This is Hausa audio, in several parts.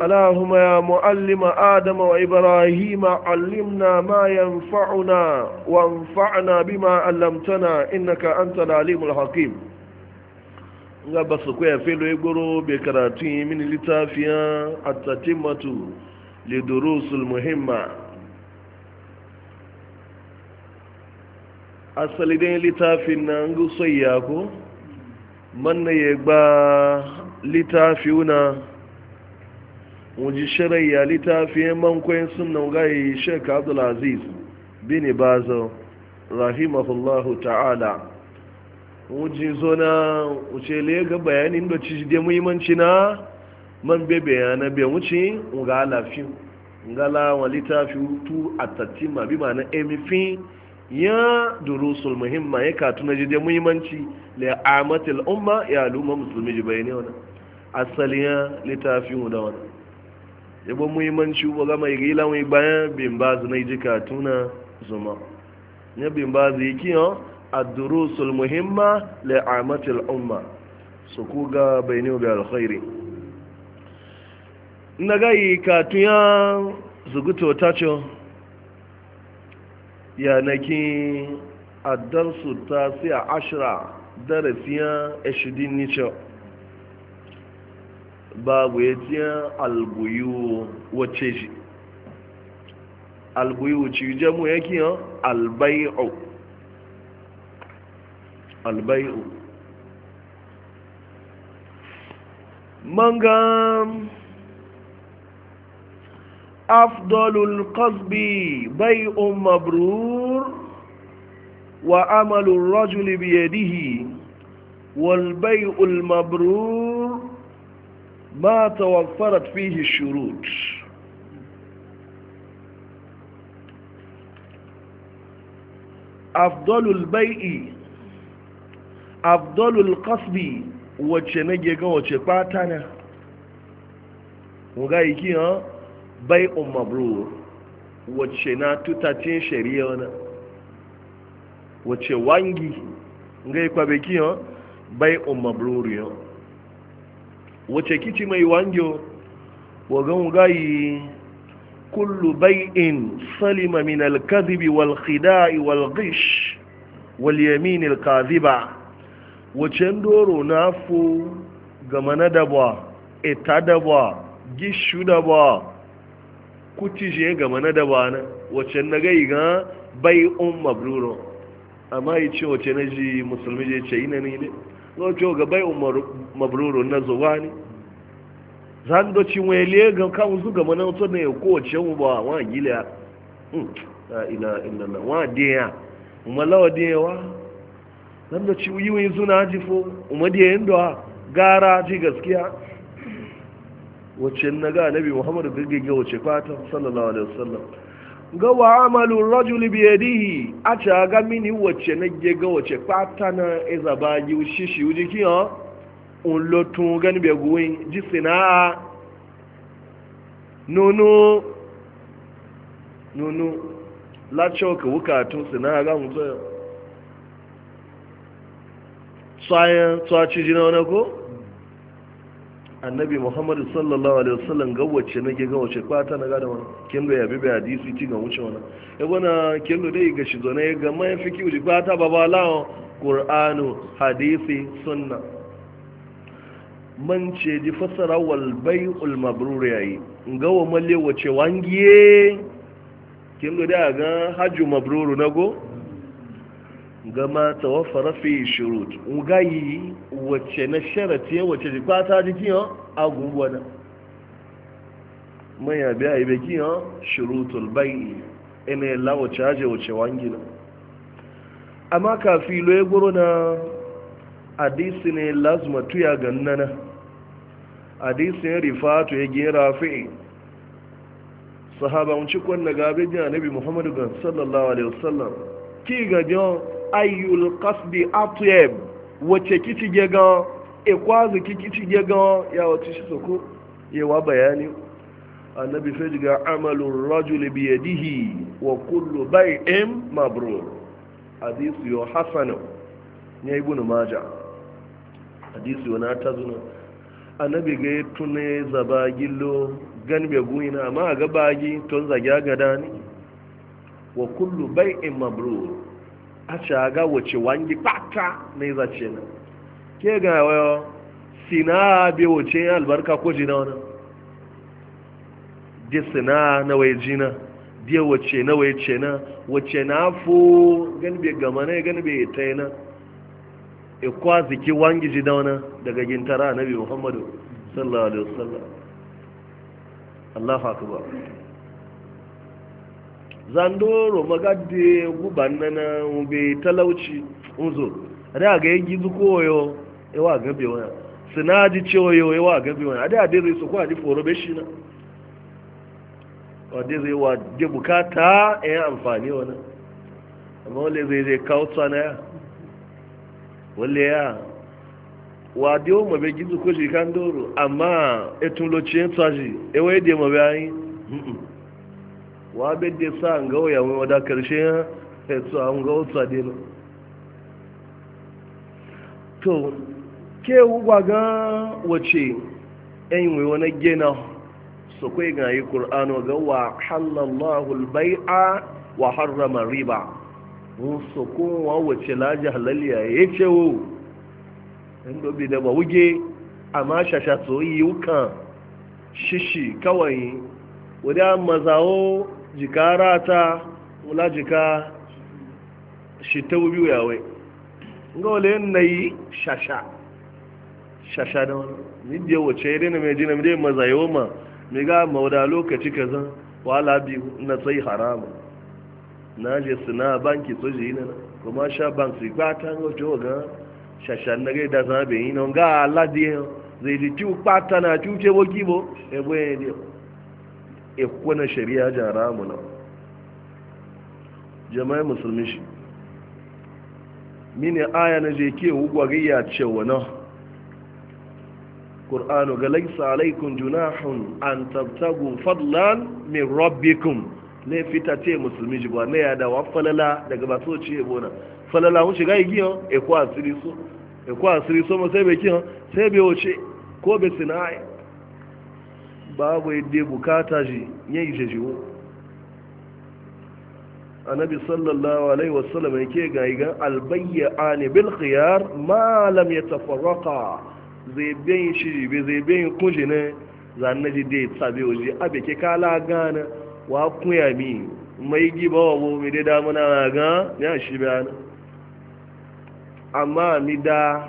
اللهم يا معلم آدم وإبراهيم علمنا ما ينفعنا وانفعنا بما علمتنا إنك أنت العليم الحكيم nga ba su kwaya filo goro karatu yi mini littafiyan a tattimatu lidurusul muhimma asali dai littafin na ngusoyi ya ko ya wuji shirayya littafiye mankoyin sunan gaye sheik abdulaziz bin bazo rahimahullahu ta'ala wuji zona wuce lega bayanin da ci da muhimmanci na man be na be wuce ga alafi ngala littafi tu atatima bi ma'ana emifin ya durusul muhimma ya katu na jide muhimmanci da amatil umma ya luma musulmi jibai ne wani asali ya littafi mu da wani yabon muhimmanci ba ga mai gila mai bayan bin ba na yi jika tuna zuma ya bin ba zai yi kiyan sul muhimma le amatil umma su ku ga bai ne bi alkhairi na ga yi ka ya zuguto tacho ya naki addarsu ta siya ashira darasiya ashidin nicho babu ya tiya albuyu wace shi alguyu ci jamu ya kiyan albai'u albai'u manga afdolul kasbi bai'un mabrur wa amalin rajuli biyadihi والبيع المبرور ma tawaffarat fihi shurut afdalul bai'i afdalul qasbi wacce nage ga wacce fata na muga iki ha bai'un mabrur wacce na tutacin wangi ngai wace kici mai wangyo wagan gayi kullu bai'in salima min alkazibi wal khida'i wal ghish wal yamin al-kadhiba wace ndoro nafu na dabwa ita dabwa gishu dabwa gama na dabwa na wace na gai ga bai'un mabruro amma ce wace na ji musulmi je ce ina ne ne zo ga bai'un mabruro na zuwa ne zan do ci we le ga ka wuzu ga mana to ne ko ce mu ba wa gila hmm, la ila illa wa dia umalawa dia e wa zan do yi we zuna ji fo umadi e ndo gara ji gaskiya wacce na ga nabi muhammadu gaggage wace fata sallallahu alaihi wasallam ga wa amalu rajuli bi yadihi a ta ga mini wacce na ga e wace fata na izaba yi shishi wuji kiyo un lotun gani bai guwin ji sina'a nunu la choke ka wukatun sina'a ga mu zai tsayen tsaci jina wani ko annabi muhammadu sallallahu alaihi wasallam wacce na ga wacce? kwata na gada wani kendo ya bibi hadisi ci ga wuce wani ya gwana kendo dai ga shi zo na ya ga mayan fiki uji kwata babalawa ƙur'anu hadisi sunna man ce di fassara wal bai'ul mabrur yayi wa malle wace wangiye kin da ga hajju go nago ma tawaffara fi shurut ugayi wace na sharati wace ji kwata ji kiyo agubwana maya biya ibe kiyo shurutul bai'i ina yalla wace haje wace wangina amma kafi lo ya goro na hadisi ne lazima tuya gannana hadisin rifatu ya gera fi'i sahaba unci kwanna gabe jina nabi muhammadu gan sallallahu alaihi wasallam ki ga jan ayyul qasdi atyab wace kici ge ga e kwazu kici ge ga ya wace shi soko ya wa bayani annabi sai ga amalur rajuli bi yadihi wa kullu bai'in mabrur hadisi yo hasanu ne ibn majah hadisi wani ta zuna annabi ga ya tune zaba gillo gan bai na amma a gi tun zagya gada ne wa kullu bai in mabro a ga wace wangi pata na yi zace na ke ga wayo sina bai wace albarka ko jina wani di sina na wai jina di wace na wai ce na wace na fo gan bai gama na gan bai ta ikwa ziki wangi ji dauna daga gintara na biyu muhammadu sallallahu alaihi wasallam Allahu akbar zandoro magadde gubanna na ube talauci uzo ada ga yi zukoyo ewa gabe wani sinadi cewayo ewa gabe wani ada da zai su kwa ji foro be shi na wadda zai wa de bukata e amfani wani amma wale zai zai kawo tsana ya wale ya wadi o mabe gizu ko shi kan doro amma etun loci ya tsaji ewa yadda mabe ayi wa be de sa an gawo ya mai wada karshe ya etu an gawo tsade na to ke wugwa ga wace yan e yi wani gina su kai ga yi ƙur'ano ga wa halallahu albai'a wa harrama riba so kowa wace laji halaliya ya ce wo in dobi da ba wuge amma shasha tsoyi wukan shishi kawai wadda mazawo jikara ta wula jika shi ta wubi wuyawai ga wale na yi shasha shasha da wani nidiyar wace yare na mai jina mai mazayewa ma mai ga mauda lokaci zan wala biyu na tsayi haramun na je suna banki to je ina kuma sha bank su ba ta ngo jo ga sha na ga da sa be ina ga ala die zai di tu ta na tu che bo kibo e bo e di e ko na sharia jaramu na jama'a musulmi shi mini aya na je ke ugwa ga ya ce na qur'anu ga laysa alaykum junahun an tabtagu fadlan min rabbikum ne fita ce musulmi ji ba ne ya dawa falala daga ba so ce bona falala mun shiga yi yo e ko asiri so e ko asiri so ma sai be kin sai be wuce ko be sinai babu yadda bukata ji yayi je jiwo annabi sallallahu alaihi wasallam yake ga yi ga albayyani bil khiyar ma lam yatafarraqa zai bayin shi be zai bin kunjine zannaji dai tsabe oji abe ke kala gana wa kuya mi mai giba wa bo mi da na ga ya shi bayan amma mi da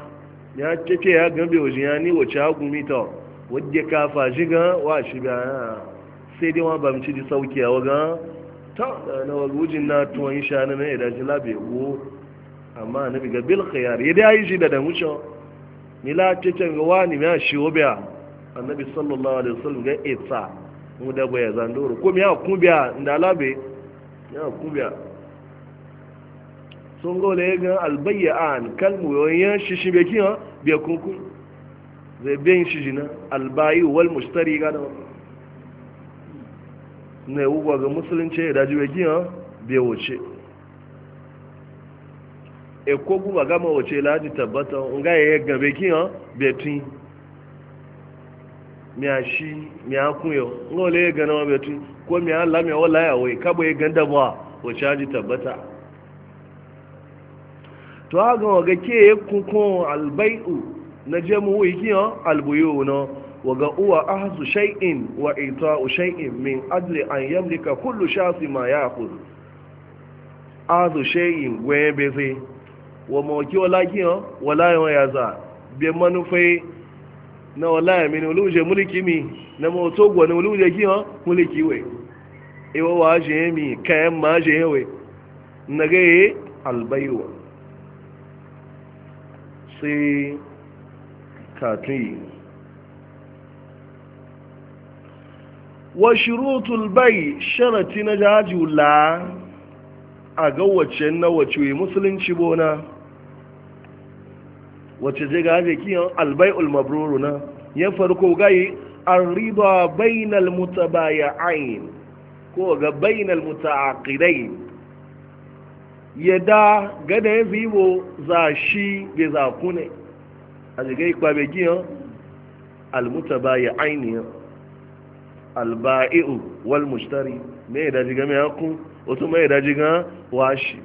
ya cece ya gambe wajen ya ni wace hagu mita wadda ka fashi ga wa shi bayan sai dai wa ba ci di sauki a waga ta na wagujin na tuwon sha na na idaji labe go amma na biga bil khiyar ya dai yi shi da da wucin ni la cece ga wani ma shi wobia annabi sallallahu alaihi wasallam ga itsa mu da baya zandoro ko miya kubiya da labe ya kubiya sun gole ga albayya'an kalmu yoyin shishi bai kiyan be kunkun zai ben shishi na albayi wal mustari ga da ne ugwa ga musulunci da bai kiyan be wuce e ko guba gama wuce laji tabbata nga ya gabe kiyan be tun miya shi miya kuyo ngo le gana wa betu ko miya la miya wala ya wai ka bai ganda ba wa shaji tabbata to aga wa ga ke kunkun albai'u na jamu yikiyo albuyu no wa ga uwa ahzu shay'in wa ita'u shay'in min ajli an yamlika kullu shafi ma ya'khudh ahzu shay'in gwe beze wa mawki wala kiyo wala ya za be manufai na wallahi mini uluje muliki mi na moto gwani uluje ki ha muliki we iwa wa je mi kayan ma je we na ga yi albaiwa sai katun wa shurutul bai sharati na jaji la a ga wacce na wacce musulunci bona wacce zai ga haje kiyan albai'ul mabruru na ya farko gai an riba bainal mutabayi'ain ko ga bainal muta'aqidain yada gada ya zibo za shi bai za ku ne. a jiga ikpa bai giyan almutabayi'ain alba'i'u wal mushtari me da jiga mai hakun wato mai da jiga washi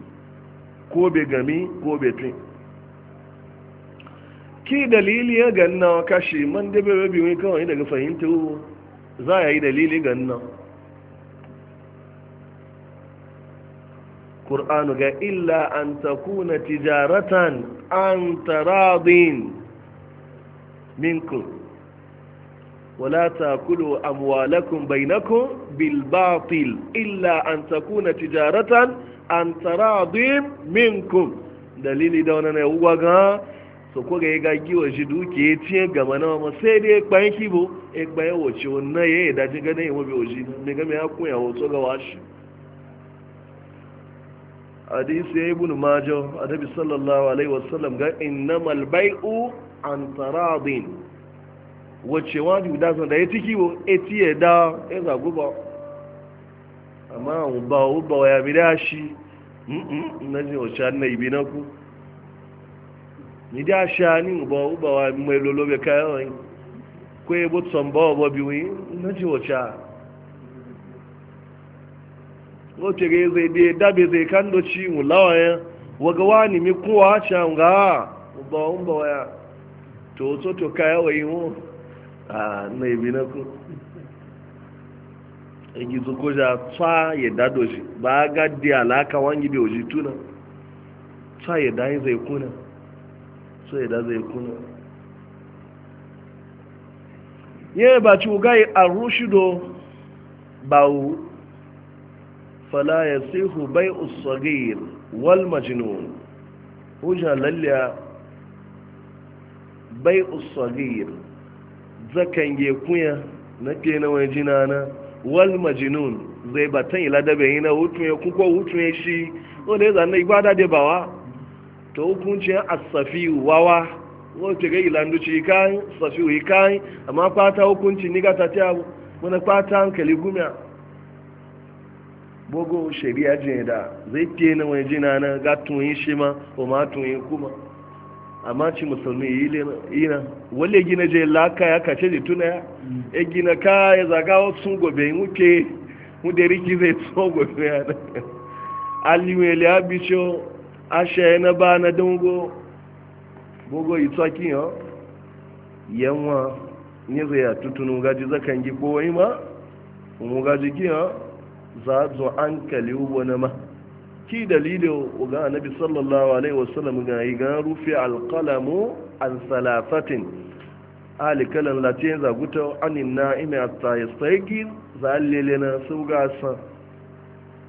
ko bai gami ko bai tun ki dalili ya ganna wa kashi man da bai bai mai kawai daga fahimta za a yi dalili ganna Kur'anu ga illa an takuna tijaratan an taradin minku. wala takulu amwalakum amwalakun bil bilbatil illa an takuna tijaratan an taradin minku. dalili da wannan ne uwa ga so ko ga ga giwa shi duke ya tiye gaba na ma sai dai kpan kibo e kpa ya wace wannan ya yi dajin ganin ya mabe waje ne game ya kunya hoto ga washi hadisi ya ibn majo adabi sallallahu alaihi wasallam ga innamal bai'u an taradin wace wani da san da ya tiki bo e tiye da e za guba amma ba ba ya bi da shi na ji wace na ibi na ku ni àṣà ní ìbọn ọgbà wa mai lolobe kayan ko ya bu tsamba wa babi wi na ji wacha zai da dabe zai kan do waga wani mi kuwa cha nga uba uba wa to so to kaya e e wa yiwo a na ibi ku igi zuko ja tsa ya ba di wangi so ya da zai kuna yin ba ci gai a rushido bawu fala ya sihu bai usagir wal majinun hujjar lalya bai usagir zakan yi kunya na ke na wani jina na wal majinun zai batan yi ladabe yi na hutu ya kuka hutu ya shi wanda ya zanen igbada da bawa to hukuncin asafi wawa wata ga ilandu ci kayan safi wi kayan amma fata hukunci ni gata ta abu wani fata hankali gumiya bogo shari'a jin da zai fiye na wani jina na ga tunyi shi ma o ma tunyi kuma amma ci musulmi yi na wale gina je laka ya kace da tuna ya e gina ka ya zaga wasu gobe muke mu da riki zai tso gobe ya ashe na ba na dungo bugo itsaki yo yanwa nizo ya tutunu gaji zakan gi ko ima mu gaji gi yo za zo an kali ubo na ma ki dalilin ga annabi sallallahu alaihi wasallam ga yi ga rufi alqalamu an salafatin alikalan latin zaguta anin na'imi tsaye tayyib za lele na su gasa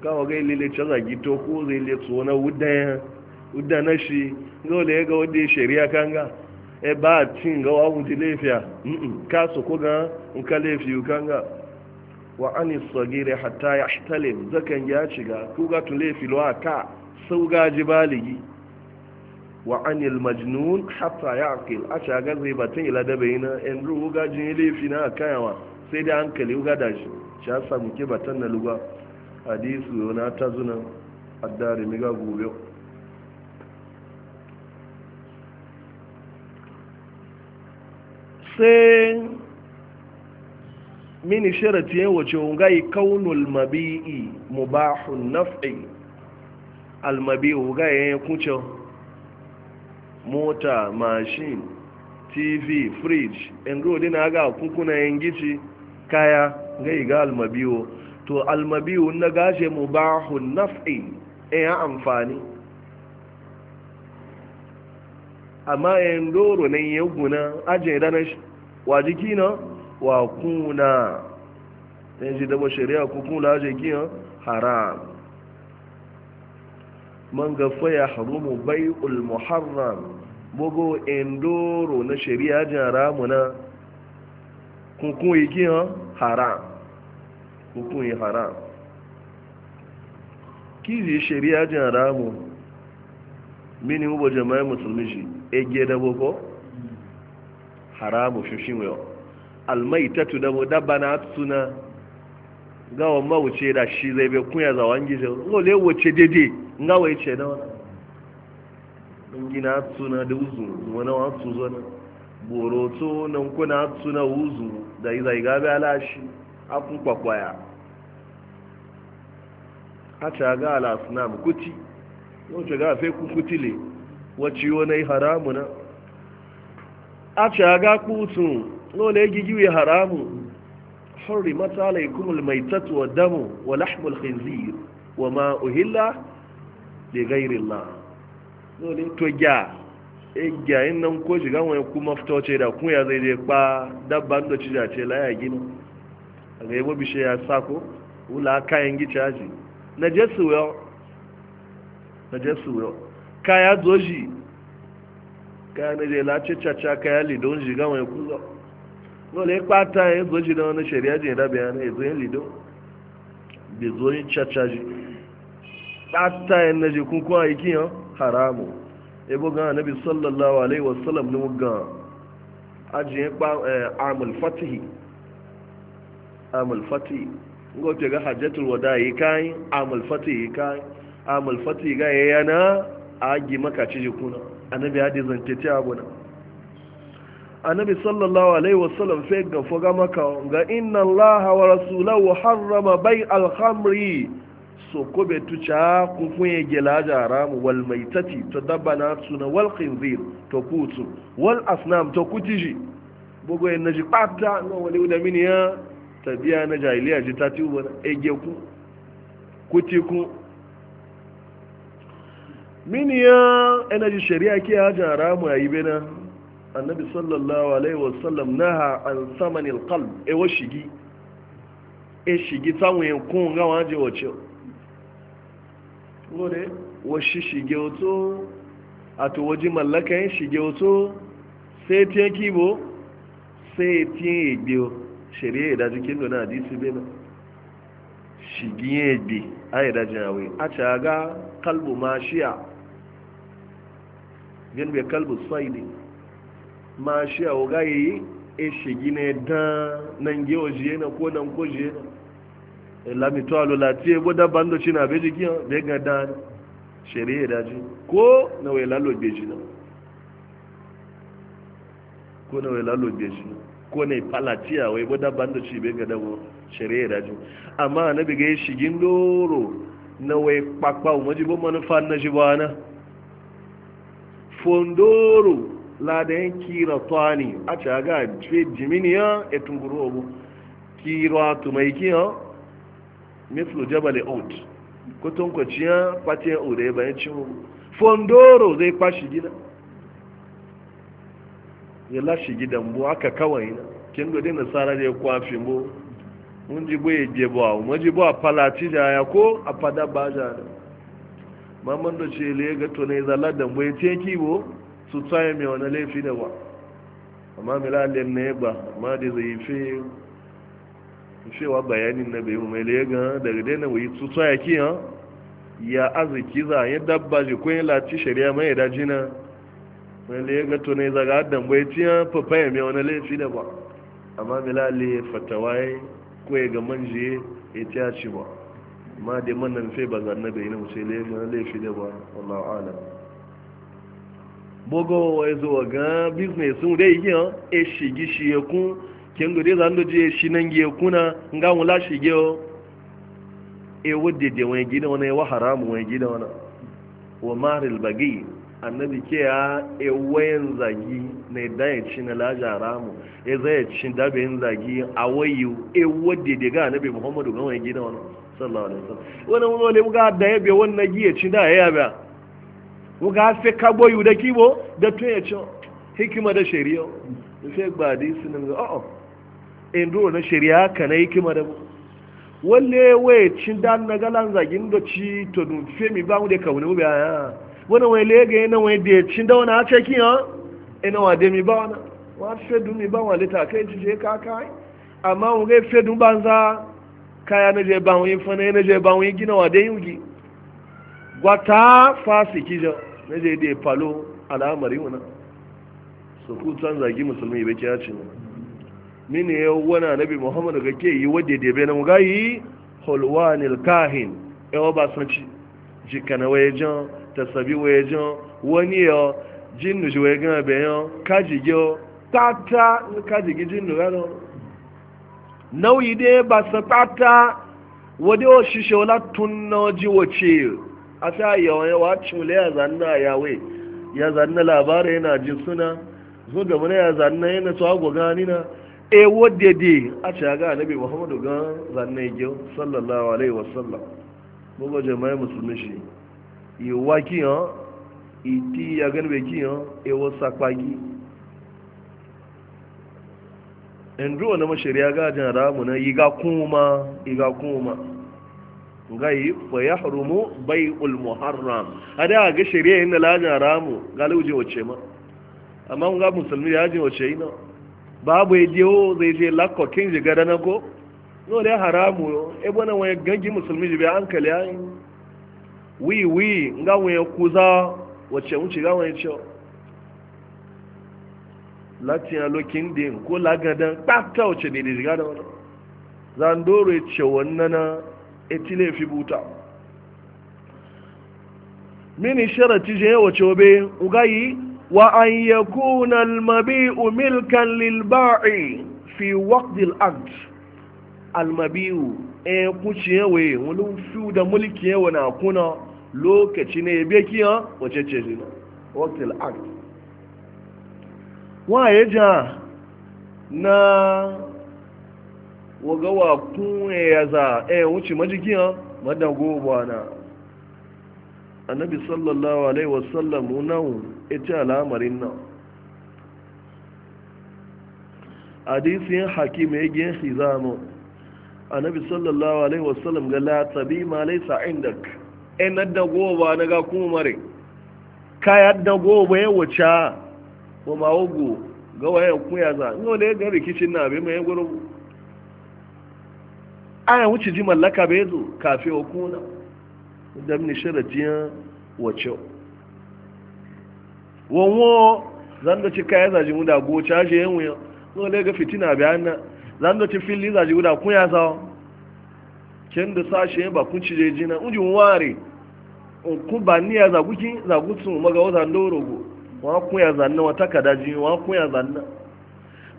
kawo ga ilile caza gito ko zai ile tsona wuda na shi ga wale ya ga wadda shari'a kan ga e ba cin ga wawun ti laifiya kasu ko ga in ka laifi kan ga wa ani sagire hatta ya hitalim zakan ya shiga ko ga tun laifi lo ka sau gaji baligi wa anil majnun hatta ya aqil a shagar zai batun ila da bai na in ruhu gajin laifi na kayawa sai da hankali ga da shi shi ya samu ke batun na lugwa hadisu yana ta zuna addari miga gobe sai mini sharati yin wace wugayi kaunul mabi'i mubahun naf'i almabi wugayi yin kuce mota mashin tv fridge in rodi na ga kunkuna yin gici kaya ga iga almabiwo to almabiyu na gashe mu ba naf'i eh, ya amfani amma yin doro ne ya guna ajiye dana wa jiki na wa kuna yin shi daba shari'a ko kula ajiye kiyan haram man gafa ya harumu bai ulmuharram bugu in doro na shari'a jin haramu na kunkun ikiyan haram hukun haram kizi shari'a jin haramu mini ụbọchị mmanya musulmi shi ege dabo ko haramu shushin yau almaitatu dabo dabba na suna gawa mawuce da shi zai bai kunya za wangi zai ngole wace dede ngawa ya ce da wani ngina suna da uzu wani wasu na boroto nan kuna suna uzu da izai gabe alashi akun kwakwaya hata ga mu kuti wace ga fai ku kutile wace wani haramu na a ce ga kutun lola gigiwe haramu hori matsala ikumul mai tatuwa damu wa lahmul khinzir wa ma uhilla da gairila lola to gya egya yin nan ko shiga wani kuma fito ce da ya zai je kpa dabban da cijace laya gina a ga yabo bishe ya sako wula kayan gica ji na jesu yau na jesu yau kaya doji kaya na jela caca kaya lido ji gama ya kuzo dole ya kpata ya e doji na wani shari'a e ji da bayanai ya zo yin lidon bai zo yin caca ji kpata ya e na je kun kuma aikin yau haramu ebo ga anabi sallallahu alaihi wasallam ni mu ga ajiye eh, amul fatihi amul fati ngo te ga hajjatul wada yi kai amul fati yi kai amul fati ga yana agi maka ciji kuna annabi hadi zance ta abuna annabi sallallahu alaihi wasallam sai ga foga maka ga inna allah wa rasulahu harrama bai khamri so ko be cha ku kunye gelaja jaramu wal maitati to dabana suna wal khinzir to kutu wal asnam to kutiji bogo en naji patta no wali uda mini ya tabiya na jahiliya ji ta tuba ege ku kuti ku mini ya energy shari'a ke hajji haramu a yi bena annabi sallallahu alaihi wasallam naha an samanil qalb e wa shigi e shigi samun yankun gawa hajji wace wore washi shige wato a to waje mallaka yin shige wato sai tiye kibo sai tiye egbe shari'a da jikin da na hadisi bai ba a yi dajin awe a caga kalbu mashiya gan kalbu saidi mashiya o ga yi e nan ge ojiye na ko nan ko na lamito alolati bo da bando china be jikin be ga da shari'a da ji ko na ko na jina ko ne falaciya wai wadda ban da shi bai ga dabo shari'a da ji amma na biga yi shigin doro na wai kpakpa majibin manufa na shi ba na fondoro ladan kira tani a ce ga fe jiminiya ya tunguru obu kira tumaikiya mislu jabali e out kutunkwaciya patiya ure bayan cin fondoro zai kwashi gina ya lashe gidan bu haka kawai kin gode nasara da ya kwafi mu mun ji ya je a mun ji a palati da ya ko a fada ba ja mamman da ce le ga to ne zala da boye ki kibo su tsaye mai wani laifi da ba amma mai milalin ne ba amma da zai fi cewa bayanin na bai mai le ga daga dai na wuyi su tsaye ki ya arziki za ya dabba ji ko ya lati shari'a mai da jina wanda ya gato ne zaga adam bai fafa ya mai wani laifi da ba amma milali fatawaye ko ya ga manje ya ta ci ba ma da mannan fai ba zanna da na wuce laifi da ba wallahu ala bogo wa ya zo ga business sun dai yi e shigi shi ya kun kin gode zan do je shi nan ge kuna nga wala shige o e wudde de wani gida wani wa haramu wani gida wani wa maril bagi annabi ke ya ewayen zagi na idan ya ci na laja ramu e ya zai ci dabayin zagi a wayo ewa daga annabi muhammadu gama ya gina wani sallawa da sallawa wani wani wani muka da ya bai na giya ci da ya ba muka fi yi da kibo da tun ya ci hikima da shari'a sai ba da isi nan ga o'o induro na shari'a ka na hikima da wale ya cin da na galan zagin da ci to dun mi ba mu da kaune mu ya? wani wai lege na wai da ya cin dauna a hace kin ina wa demi ba wana wa fi fedu mi ba wani ta kai ci ka kai amma mu gai fe dun banza kaya na je ba wani fana na je ba wani gina wa da yugi gwata fasi kijan na je da palo al'amari wana su kutan zagi musulmi bai kya ci ne mini ya wani nabi muhammad ga ke yi wadda da bai na mu gayi holwanil kahin yawa ba sun ci jikana waye jan tasabi wee jin wani yo jinnu shi wee gan be yo kaji yo tata kaji gi jinnu ga no nauyi dai ba sa tata wode o shishe wala tunno ji wace a sa yawa wa chule ya zanna yawe ya zanna labarai yana jin suna zo gaba na ya zanna yana tsawo gogani na e wadda dai a ce ga annabi muhammadu ga yi gyo sallallahu alaihi wasallam mu ba jama'a musulmi shi ìwá kíyàn ìdí agẹ́nubẹ̀ kíyàn ẹwọ sapagi ẹ̀ndú ọ̀nà mọ̀ ṣẹ̀rí agájìn àdáàmù náà yíga kún ma yíga kún ma nga yi fa ya harumu bai ulmuharram a da ga shari'a yin da lajin haramu galibin wace ma amma nga musulmi ya jin wace ina babu ya je zai je lakkokin jigada na ko no da haramu ebo na wani gangi musulmi jibi hankali ayin wiwi nga ya kuza wacce wuce ga wani cewa latin lokin din ko lagadan ɓata wacce ne da shiga da wani zandoro ya ce wannan na etile fi buta mini sharati je wace obe ugayi wa an yakuna almabi'u milkan lilba'i fi waqti al-aqd almabi'u e kuciyewe wani fiu da mulki yawa na kuna lokaci ne bai kiyan wace ce jina hotel act waye ja na wagawa kunye ya za e wuce majikiyan madago bwana annabi sallallahu alaihi wasallam nan ita al'amarin nan hadisin hakim ya gin hizamu annabi sallallahu alaihi wasallam ga la tabi ma laysa indak enar da goba na ga kuma mare kayar da goba ya wuce wa ugu ga wayan kuya za yau da ga rikicin na abin mai gurbu aya wuce ji mallaka bai zo kafi o kuna da mini shiratiyar wace wanwo zan da ci kaya zaji mu da goca shi yan wuyan yau da ya ga fitina bayan nan zan da ci fili zaji mu da kuya sawa ken da sashe ba kun ci jejina ujin ware ku ba ni ya zagu ki maga wata ndoro go wa ku ya zanna wata kadaji wa ku ya zanna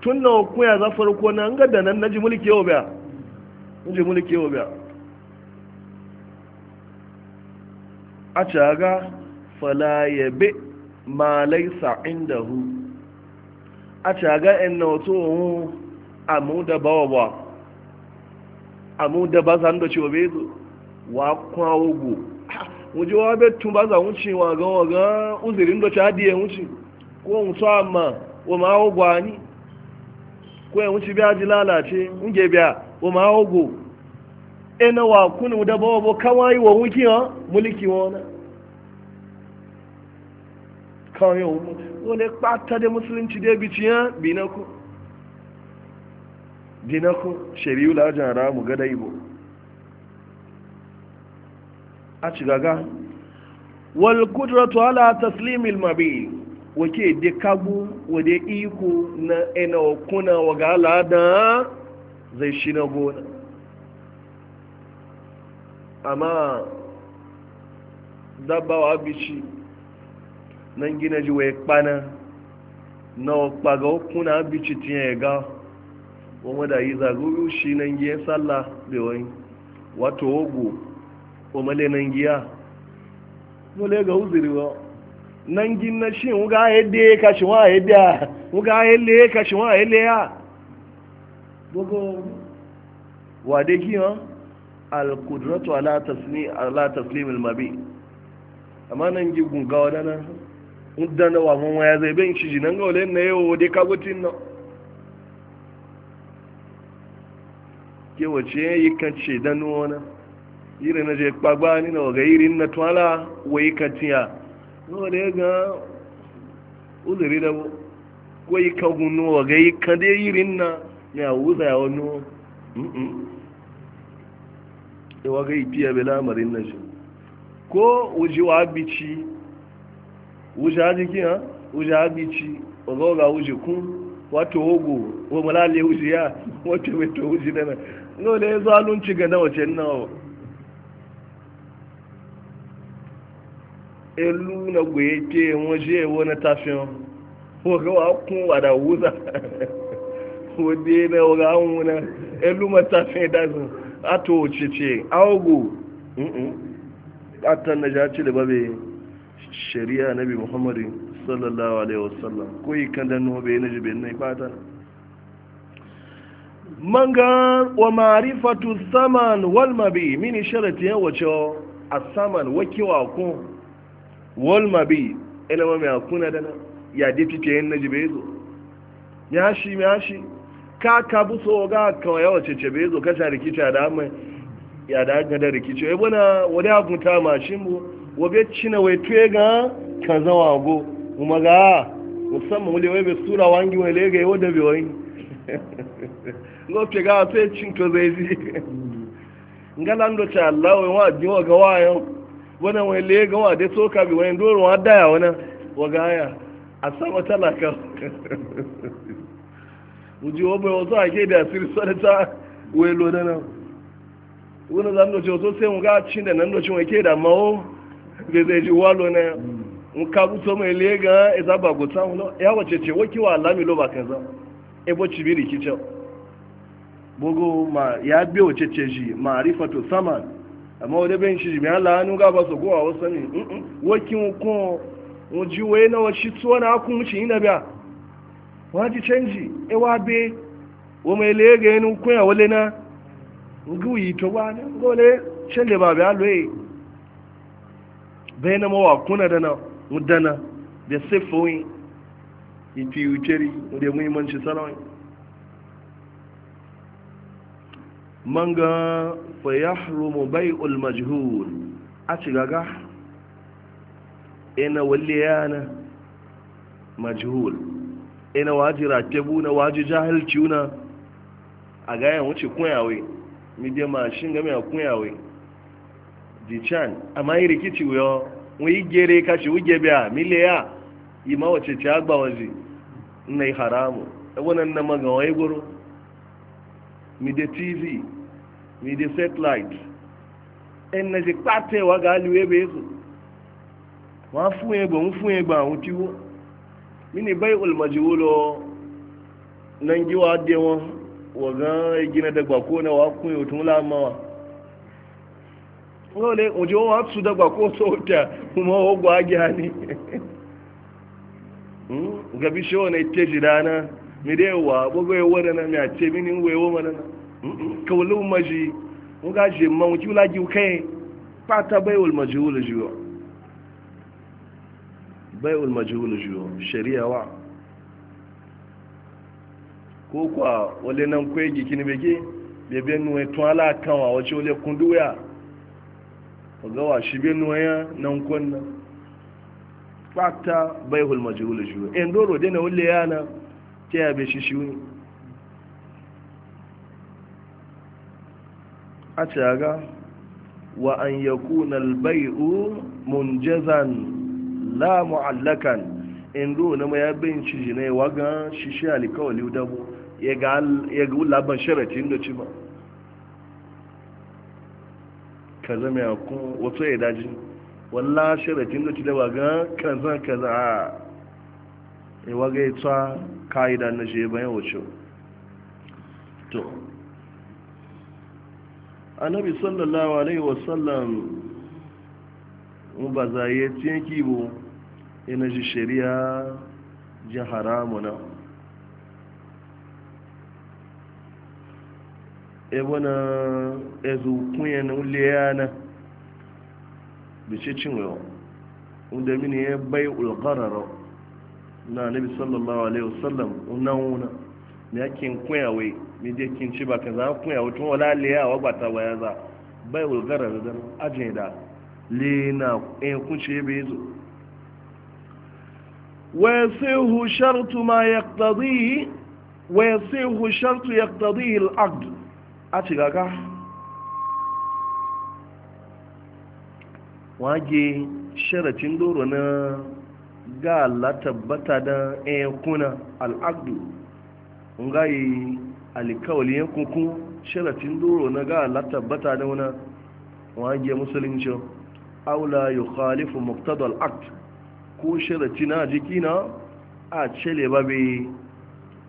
tun na ku ya za farko na ga da nan naji mulki yau biya naji mulki yau biya a caga fala ya bi ma laisa indahu a caga in na wato amu da bawa ba amu da ba zan da ciwo bezo wa kwa go wuje wa be tun za wuce wa ga wa ga uzirin da ta diye wuce ko mu to amma wa ma wo gwani ko ya wuce biya ji lalace nge biya wa ma wo go ena wa kunu da ba bo kawai wa wuki ha muliki wona kan yo wo le pata de musulunci de bitiya binako dinako shari'u la jara mu ga daibo a cigaga wal kudratu ala taslimil mabi wake de kagu wade iko na ina kuna waga alada zai shi na gona amma dabawa bishi nan gina ji wai kpana na okpaga kuna bishi ya ga wani da yi zagogo shi nan gina sallah da wani wato ogo o male nangiya mole ga uziri wa nangin na shi nga hede ka shi wa hede a nga hele ka shi wa hele ya gogo wa de ki ha al qudratu ala tasni ala taslim al mabi amma nan gi gunga wadana udana wa mun waya zai bin shi nan ga ole na yo de ka gutin no ke wace yi kan ce dan irin na je kpagba ni na waga irin na tuwala wai ka tiya yau da ga uzuri da wai ka gunu waga yi ka dai irin na a wuza ya wani ya waga yi fiye bai lamarin na shi ko wuji wa bici wuji ha jiki ha wuji ha bici waga waga wuji kun wato ogo wa malale wuji ya wato mai to wuji dana yau da ya zalunci ga na wace nawa elu na goye ke waje wani tafin wagawa kun wada wuza wadda na waga wuna elu matafin dazin ato cece augu atan na ja ci da babe shari'a nabi muhammadu sallallahu alaihi wasallam ko yi kan dan nobe na jibe na fata manga wa ma'rifatu saman wal mabi min sharati yawacho as-saman wakiwa kun wal bi? ina ma mai kuna da na ya di fife yin naji bai zo ya shi ya shi ka ka bu so ga kawai yawa cece bai zo ka ta rikice da amma ya da ga da rikice eh bona wada abun ta mashin bu wabe cina wai tuye ga ka zawa go kuma ga musamman wale wai bai sura wangi wai lega yau da bai wani ngofe ga sai cin to zai ji ngalando cha Allah wai wa diwa ga wayo wani wani lega wa dai soka bi wani doron wa daya wani wagaya a sama talaka uji wa bai wasu ake da asiri sadata wai lona nan wani zan doce wasu sai muka cin da nan doce wai ke da mawo da zai ji walo na in ka buto mai lega ya zaba gutsa ya wace ce waki wa alami lo ba kaza ebo cibiri kicin bogo ma ya biyo ce ce shi ma'arifato saman amma wadda bin shi jimi Allah hannu ga su gowa wasu ne wakin kun wuji waye na wacce tuwa na kun wuce ina biya waji canji ewa be wa mai lega yanin kunya wale na guyi to ba ne gole canle ba biya na mawa kuna da na mudana da sifoyin Manga ga fayahrumu bai'ul majhul a cigaga ina walliyana majhul ina waji rakebu na waji jahilci una a gayan wuce kunyawe midiyar mashin game a di chan amma yi rikici wuyo wuyi gere kashi wuge biya miliya yi mawace ci waje na yi haramu e wannan na maga ya guru mi tv mi de satellite ẹnna ṣe pàtẹ wa ga lu ebe eso wọn fún yẹn gbọ fún yẹn gbọ àwọn tí wọn mi ni báyìí olùmọ̀jìwò lọ nàìjíríà dé wọn wọ̀ gan egina dẹgbà kó náà wàá kún yòó tún láàmú wa wọn lè òjò wọn tún dẹgbà kó sóòtà mọ ọgbà ágíà ni gabi hmm? ṣé wọn dáná. mi dai wa bogo ya wada na mi a ce mini wo yawo mana na kawulu maji mun ga je man ki la giu kai fata maji majhul jiwa baiul majhul jiwa shari'a wa ko kwa wale nan kwai gi kini be bebe e to ala kan wa wace wale kundu ya ga wa shi be nu ya nan kunna fata maji majhul jiwa endoro dena wale yana ta yabe shi shi wuni a caga wa an yakuna albai'u munjazan la mu'allakan indo na ma yabin ci jine waga shi shi alikawali dabo ya ga laban sharatin da ci ba ka zama ya kun wato ya daji wallah sharatin da ci da waga kazan kaza iwaga e, ita ka'ida na shi bayan wuce to annabi sallallahu alaihi wasallam ba za yi tiyan kibo ina ji shari'a jin haramu na ebe na kunye na uliyana bice cinwe inda mini ya e bai ulgararau na nabi sallallahu alaihi wasallam una una ne yakin kuyawe mi je kin ci ba ka za kuyawe tun wala le ya wa bata waya za bai wulgara da ajin da le na en kun ce be zo wa yasihu shartu ma yaqtadihi wa yasihu shartu yaqtadihi al-aqd a ci gaga wage sharatin doro na ga Allah tabbata da kuna al'adu nga yi alikawali ya kuku sharatin doro na ga Allah tabbata da wani wajen musulunci aula yi khalifu muktada al'ad ko sharati na jiki na a cele ba bai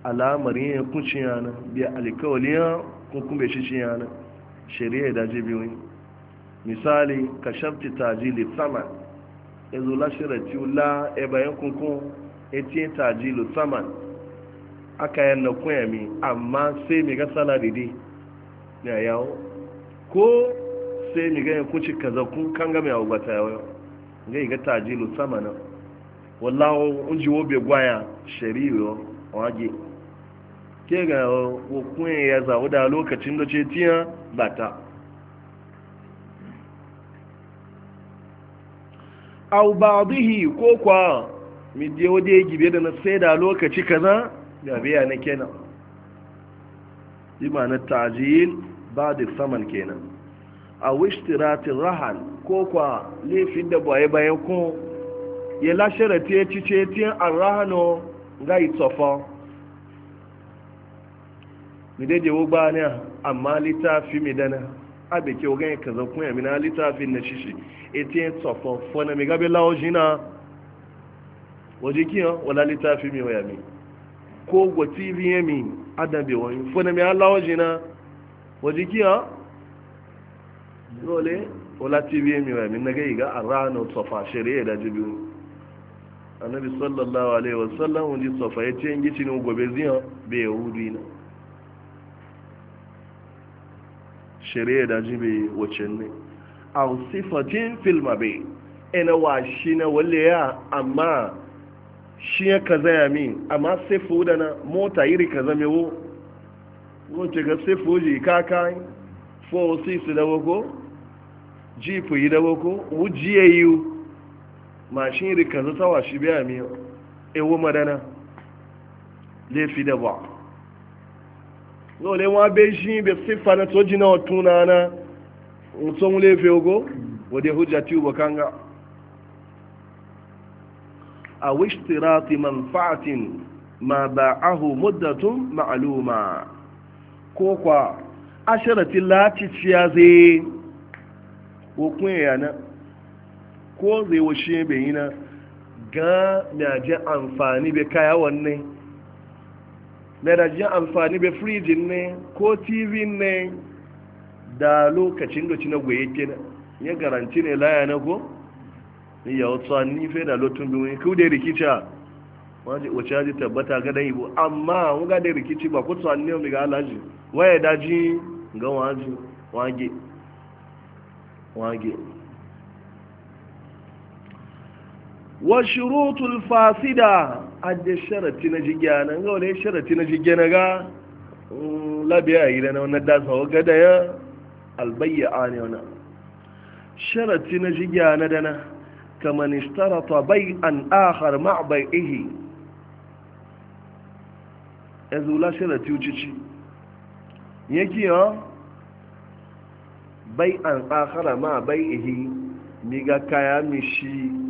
alamarin ya kunci yana biya alikawali ya kuku bai shi yana shari'a da jibi misali ka shafti tajili saman yanzu lashira ula e bayan kunkun eti tajilu saman aka yan na kunya mi amma sai mi ga salari dai ya yawo ko sai mi ga yankuci kaza kun kan ga mai agwata yawo ga ga tajilu saman wallahi un ji wobe gwaya shari'o wage ke ga wo kun ya zawo da lokacin da ce tiya bata au ko kwa midye je waje gibe da na sai da lokaci kaza ga biya na kenan bima na tajiyin ba da saman kenan a wishtiratin rahan ko kwa laifin da baye bayan ko ya lashara ta ya cice ta an rahano ga itofa mi dai je wo gba ne amma littafi mi dana abe ke ogan ka za kunya mina littafin na shishi ete tsofon fona mi gabe lawo jina waje kiyo wala littafi mi ya mi ko go tv ya mi adabe wani fona mi lawo jina waje kiyo dole wala tv ya mi waya mi na gai ga arano tsofa shari'a da jibiyu annabi sallallahu alaihi wasallam wani tsofa ya ce yin gicinin gobe ziyan bai yahudi na shari'a da jibe wacin ne an sifatin filma bai ina wa shi na wale ya amma shi ya ka zaya min amma sifu da na mota iri ka zame wo wace ga sifu ji kaka yi sisi da wako jifu yi da wako wujiye yi mashin iri ka zata wa shi biya min ewu madana laifi da ba lọ́lẹ̀ wọn be ṣí be sífà náà tó jìnnà ọ̀tún náà náà ń tó ń hujja tí ó bọ̀ a àwọn manfaatin ma ba'ahu muddatun ma'aluma ko kwa asharati lati ciya zai hukun yana ko zai washe bayina ga na ji amfani bai kaya wannan na da jin amfani bai firijin ne ko tv ne da lokacin da na goye kenan ya garanti ne laya na ko ni ya wasu ni da lotun bi wani kude rikica waje wace haji tabbata ga dan ibo amma mun ga rikici ba ko tsan ne ga alaji waye daji ga waje wage wage wa shurutul fasida ajiye sharati na jigya nan ga wani sharati na jigya na ga mm, labiya yi da na wani dasa wa gada ya albayya a ne wani sharati na jigya na dana kaman ishtarata bai an akhar ma'a bai'ihi ya zula sharati ucici yake ya bai an akhar ma'a bai'ihi ni ga kaya mishi shi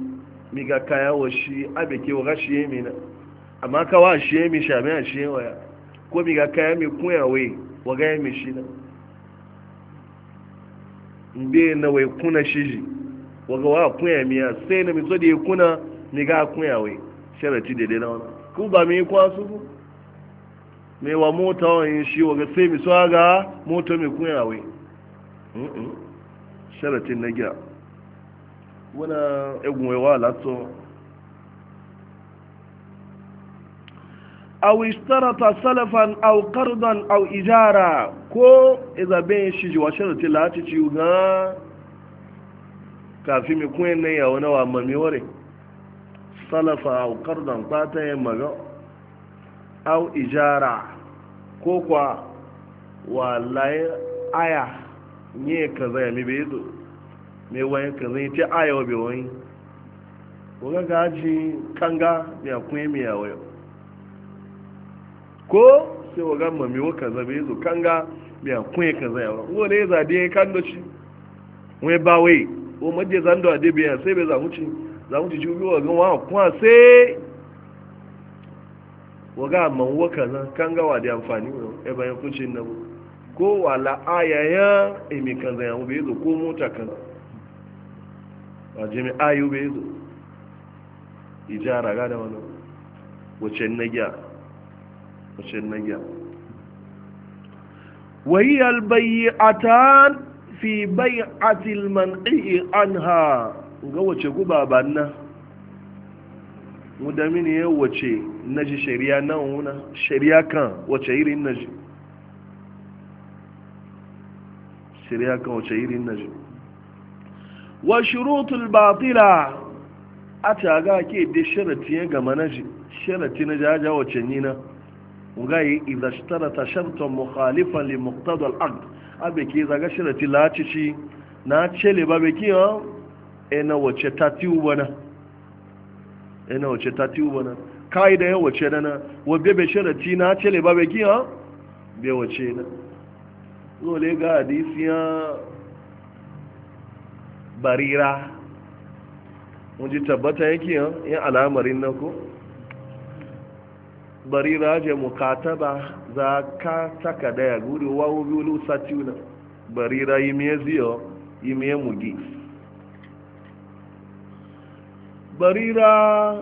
miga kaya wa shi abe ke wa shi yemi na amma ka wa shi mi sha mi shi wa ko miga kaya mai kunya we wa ga yemi shi na mbe na wai kuna shiji wa ga wa kuya miya ya sai na miso da ya kuna miga kunya kuya we da na wani ku ba mai kwa su ku me wa mota wa yin shi wa ga sai miso so ga mota mai kunya we sharaci sharatin na gida wani egunwewa lato aw ishtarata salafan aw qardan aw ijara ko iza be shi jiwa sharati lati ci ga Kafin mi kun ne ya wani wa mami wore salafa aw qardan kwata ya maga aw ijara ko kwa wallahi aya ne kaza ya mi be mai wani kan zai ta ayawa ah, bai wani waga gaji kanga mai akwai mai yau ko sai waga mami waka zabe zo kanga mai akwai kan zai yawon wani ya zade ya kan da shi wani ba wai o madde zan da ade biya sai bai zamuci zamuci ci wa ga wa kuma sai waga man waka zan kanga wa da amfani ne bayan kucin na ko wala ayaya emi kan zai yawon bai zo ko mota kan a jami ayu bai zo ijara gada wani wace nagya wace nagya وهي البيعتان في بيعة المنعي ga wace guba banna mudamini ya wace naji shari'a nan wuna shari'a kan wace irin naji shari'a kan wace irin naji wa shurutul batila a ga ke da sharati ga manaji sharati na jaja wace ni na ga idza shtarata shartan mukhalifan li muqtada al aqd abe ke zaga sharati la ci ci na cele ba be ki ha ina e wace ta tiwu bana e wace ta tiwu bana kai da wace dana wa be be sharati na cele ba be ki ha be wace na dole ga hadisi ya barira ji tabbata yake eh? yin al'amarin na ku barira je mu mukataba za ka taka daya guri wawo biyu satiuna barira yi miye ziyo yi miye mugi barira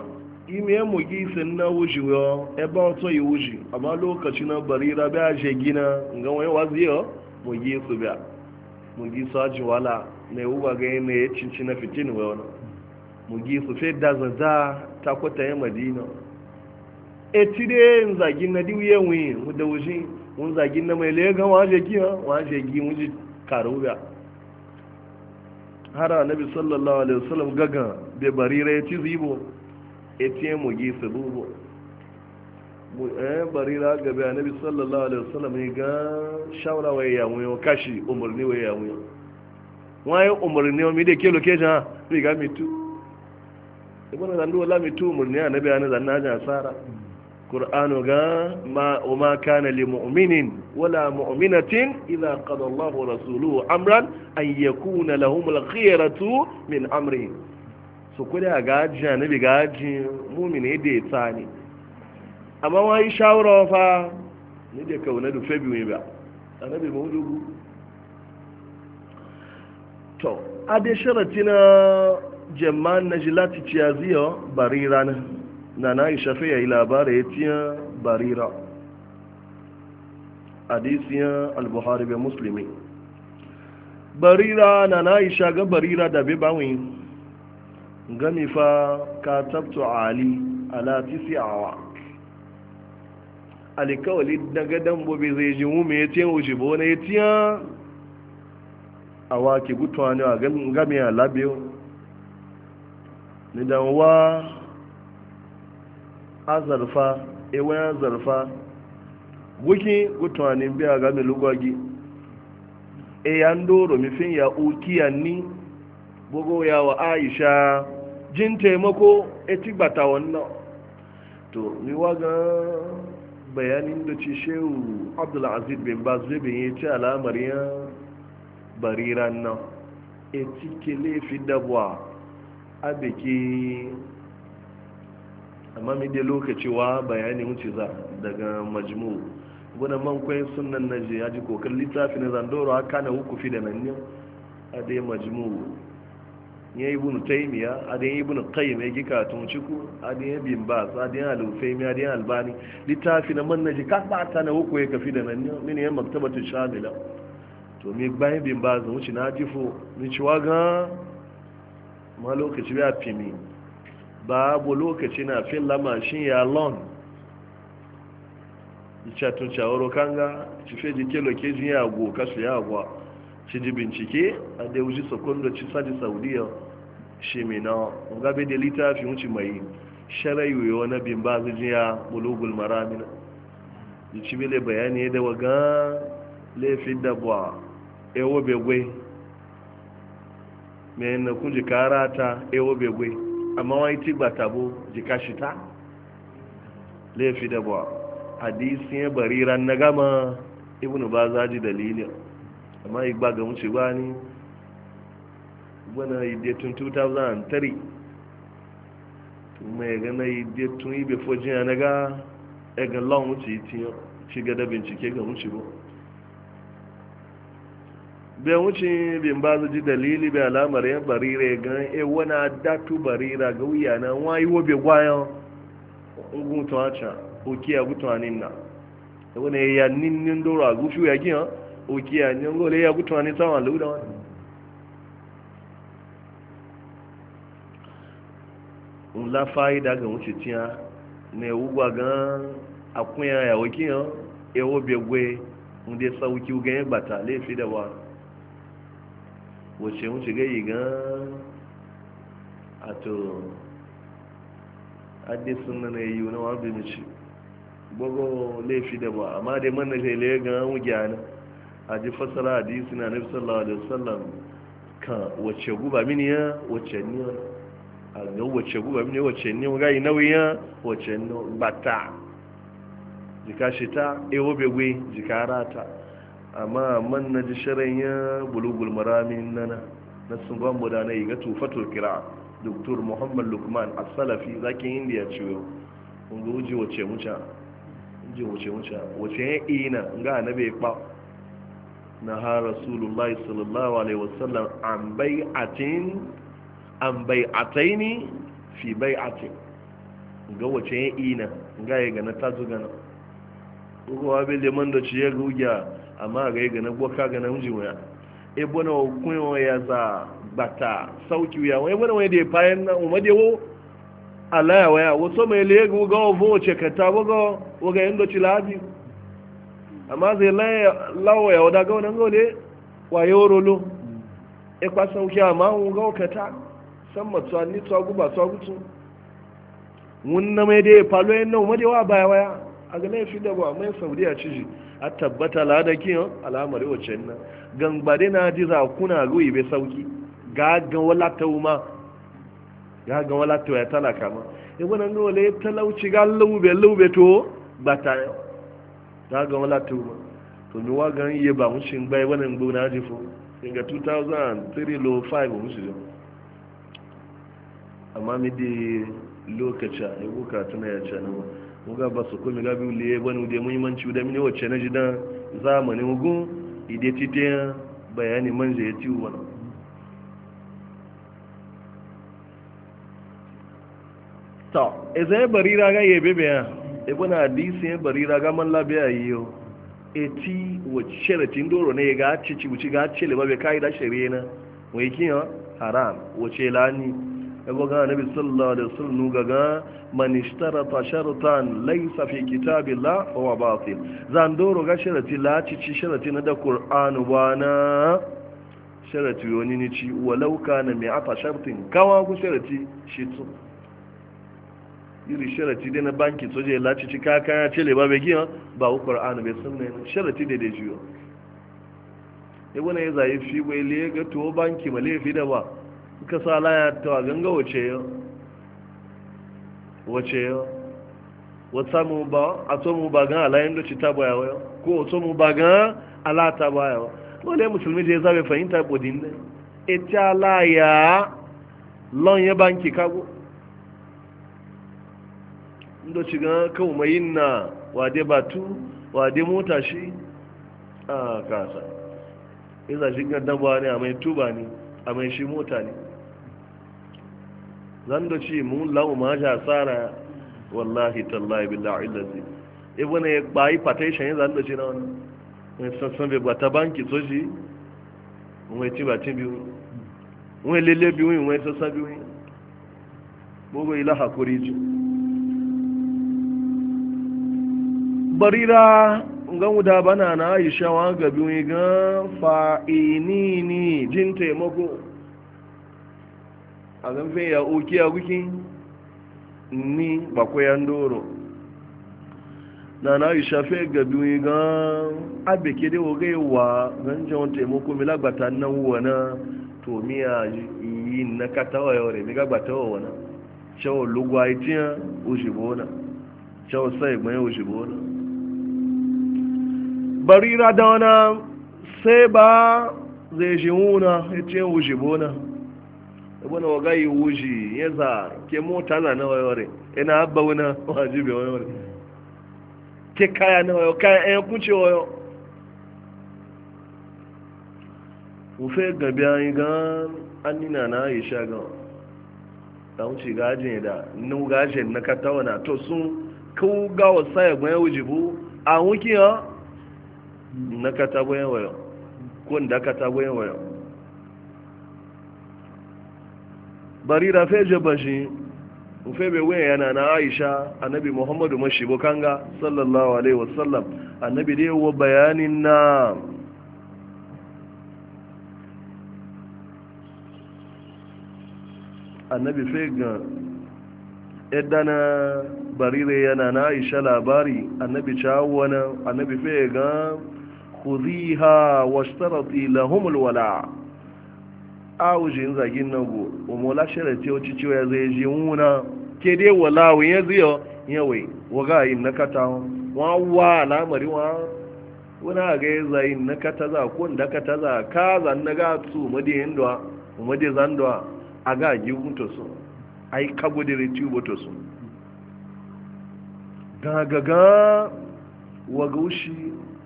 yi miye mugi sin na wuji yo ebe oto yi wuji amma lokaci na barira biya je gina ga wani ziyo mugi su biya mugi su ajiyar wala mai uba ga yi mai cinci na fitin wa Mu mugi su fe da zaza ta kwata yi madina e ti de zagi na di ye wuyi mu da wuji mun zagi na mai lega wa je gi wa je gi mu ji karuya har annabi sallallahu alaihi wasallam gaga be barira ya ci zibo e ti mu gi su bubo mu eh barira ga be annabi sallallahu alaihi wasallam ya ga shawara wa ya mu kashi umurni wa ya mu wọ́n yẹ ọmọrìnì ọmọ ìdè kéèlò kéèjì hàn bí ìgá mi tú ìgbọ́n náà lọ́wọ́ lámi tú ọmọrìnì ah, ànábì ànábì náà sára kùránù gan ma o ma kánà lè mọ̀ọ́mìnìn wọ́lá mọ̀ọ́mìnàtín ìlà kàdọ̀ lọ́wọ́ rasulu amran ayyakú na lahumul khiyaratu min amri So kudi a gaji ànábì gaji mumini ìdè tsani amma wọ́n yi fa ni da kauna da febi ba ànábì mawudugu to ade sharati na jama'an na jilati ciyaziyo barira na na na isha fiye yi labarai ya tiya barira adisiyan al-buhari bai musulmi barira na na isha ga barira da bai bawin gami fa ka tabtu ali ala tisi awa alikawali daga dambobi zai ji mu mai ya tiya wuce na ya tiya a wake gutuwani a game a labiyo nidan wa a zarfa ewe a zarfa wiki gutuwani bi a game lugwagi e ya ndoro mifin ya ya ni bugo ya wa aisha jin taimako e gbata wannan to ni waga bayanin da ci shehu abdulaziz bin baz bin ya ce al'amar ya bariran nan e cike laifi dabuwa a biki amma lokaci wa bayani wuce za daga majmu guna man kwayin sunan na je yaji kokar littafi na zandoro haka na fi da nan ne a dai majmu ya yi bunu taimiya a dai yi bunu kai mai gika tun ciku a dai yi bin ba a dai alufemi a dai albani littafi na man na ji kasa ta na hukuwa ya kafi da nan ne mini yan ta shamila to mi gbayin bin ba zan wuce na jifo ni ci waga ma lokaci ya fi mi bu lokaci na fi lama shi ya lon ica tun cawaro kanga ci fe jike lokejin ya go kasu ya gwa ci ji bincike a da wuce sekondo ci sadi saudiya shi mai na gabe da littafi wuce mai sharayu ya wani bin ba zan jiya bulugul maramina ci bile bayani da waga laifin dabuwa ewo begwe mai na kun jika rata ewo begwe amma wani ti gbata bu jika shita laifi da ba na gama ibnu ba za ji dalilin amma igba ga wuce ba ni gbana idetun 2003 kuma ya gana idetun ibe fojin na ga egan lawon wuce ci ga da bincike ga wuce ba bai wuce bin ba su ji dalili bai alamar yan barira ya gan e wani datu barira ga wuya na wayi wo bai gwayan gutu acha oke ya gutu anin na e wani e ya ninnin doro a gushu ya gina oke ya nin gole ya gutu anin tsawon lauda wani nla fa'ida ga wuce tiya na ewu gwa gan akunya ya wakiyan ewo bai gwe ndi sauki ugen gbata laifi da wani wace wuce gayi gan a to adi suna na yi wani wa bi mici gbogbo laifi da ba amma dai manna kai laye gan wuge ana a ji fasara hadisi na nabi sallallahu alaihi wasallam ka wace guba mini ya wace ni a ga wace guba mini wace ni gayi nauyi ya wace ni bata jika shi ta ewo begwe jika rata amma man na ji shirin ya bulugul maramin nana na sun gwambo da na yi ga tufatul kira doktor muhammad lukman a salafi zakin indiya ciwo ga wuce wace muca ji wace muca wace ya ina ga na bai kpa na ha rasulullahi sallallahu alaihi wasallam an bai atin an bai ataini fi bai atin ga wace ya ina ga ya gana ta zugana ruwa bai liman da ci ya rugiya amma ga ga na boka ga namji mu ya e bona ya za bata sauki ya wai bona wai da fayan na umma de wo ala ya waya wo so mai lego ga o vo che ka ta bo ga wo amma zai la ya wada ga wannan gole wa yoro lo e kwa sauki amma wo ga ka ta san matsuwa ni tsagu ba tsagu tun mun na mai da falo yan na umma de wa baya waya a ga laifi da ba mai a ciji a tabbata ladakin al'amari wacce na gangbade na ji za kuna ruwi bai sauki gagan wala ma gagan wala ya tana kama ya e gwana nola ya talauci ga lube lube to ba ta yau gagan wala ma to mi wa gan iya ba mushin bai wani ji fo inga 2003 lo 5 mushin jifo amma mi di lokaci a yi e bukatu na ya ce na ba muga ba su kome gabi wule wani da muhimmanci da mini wacce na jidan zamanin hugun ide titiyan bayani manje ya ti wani ta ezai barira ga yabe bayan ibina hadisi ya bari raga man labiya yi e ti wacce da tindoro ne ga cici wuci ga cile ba bai kai da shari'a na wai kiyan haram wacce lani ebo ga nabi sallallahu alaihi wasallam ga ga man ishtarata shartan laysa fi kitabillah fa huwa batil zan doro ga sharati la ci ci sharati na da qur'anu bana sharati yoni ni ci walau kana mi'ata shartin kawa ku sharati shi to iri sharati dai na banki soje la ci ci kaka ya ce le ba begi ba qur'anu bai sunna sharati dai dai jiyo ebo ne zai fi wai le ga to banki male fi da ba ka sa laya ta ganga wace yau wace yau wata mu ba a to mu ba gan alayin doci ta baya wayo ko to mu ba gan ala ta baya wayo dole musulmi je ya zabe fahimta kodin ne ita laya lon ya banki kago ci gan kawo mai yin na wade batu wade mota shi a ah, kasa iza shi gaddan ne a mai tuba ne a mai shi mota ne zan da ci mun lau ma tsara wallahi tallahi billahi illazi ibn ya bayi patation ya zan da na wani mai sassan bai bata banki so shi mai ci ba ci biyu mai lele biyu mai sassan biyu gbogbo ila hakuri ji barira gan wuda bana na aisha wa ga biyu gan fa'ini ni jin taimako aga zanfe ya oke ya wiki ni bakwayan ndoro na na yi shafe ga gan abe ke dai wa gan jan taimako mi lagbata nan wana to mi yi na katawa ya re mi gagbata wa wana cewa lugwa itiya oshibona cewa sai gbayan bari barira da wana sai ba zai shi wuna itiya e oshibona ibana waga yi wuji ya za ke mota za na wayore na abba wuna wajibi wayore ke kaya na wayo kaya ɗaya kunce wayo ufe gabi an yi gan an nina na aisha gan ta wuce gajin da nu gajin na katawa na to sun kawo gawa saya gwaye oji a wuki ya na katawa wayo ko da katawa wayo barira feje bashi ufe bai waya yana na aisha annabi muhammadu mashibo kanga sallallahu alaihi wasallam annabi dai wa bayanin na annabi ga edana barire yana na aisha labari annabi cawana annabi fega khuziha washtarati lahumul wala' in zagin na go umola sharati wacce ciwo ya zai ji wuna ke dai walawu ya ziyo wai. waga yin na kata wa wa lamari wa wuna ga ya zai na kata za ko da kata za ka zan na ga su made indwa made zandwa a ga gi mutu su ai ka gudire tubo ga su ga wa ushi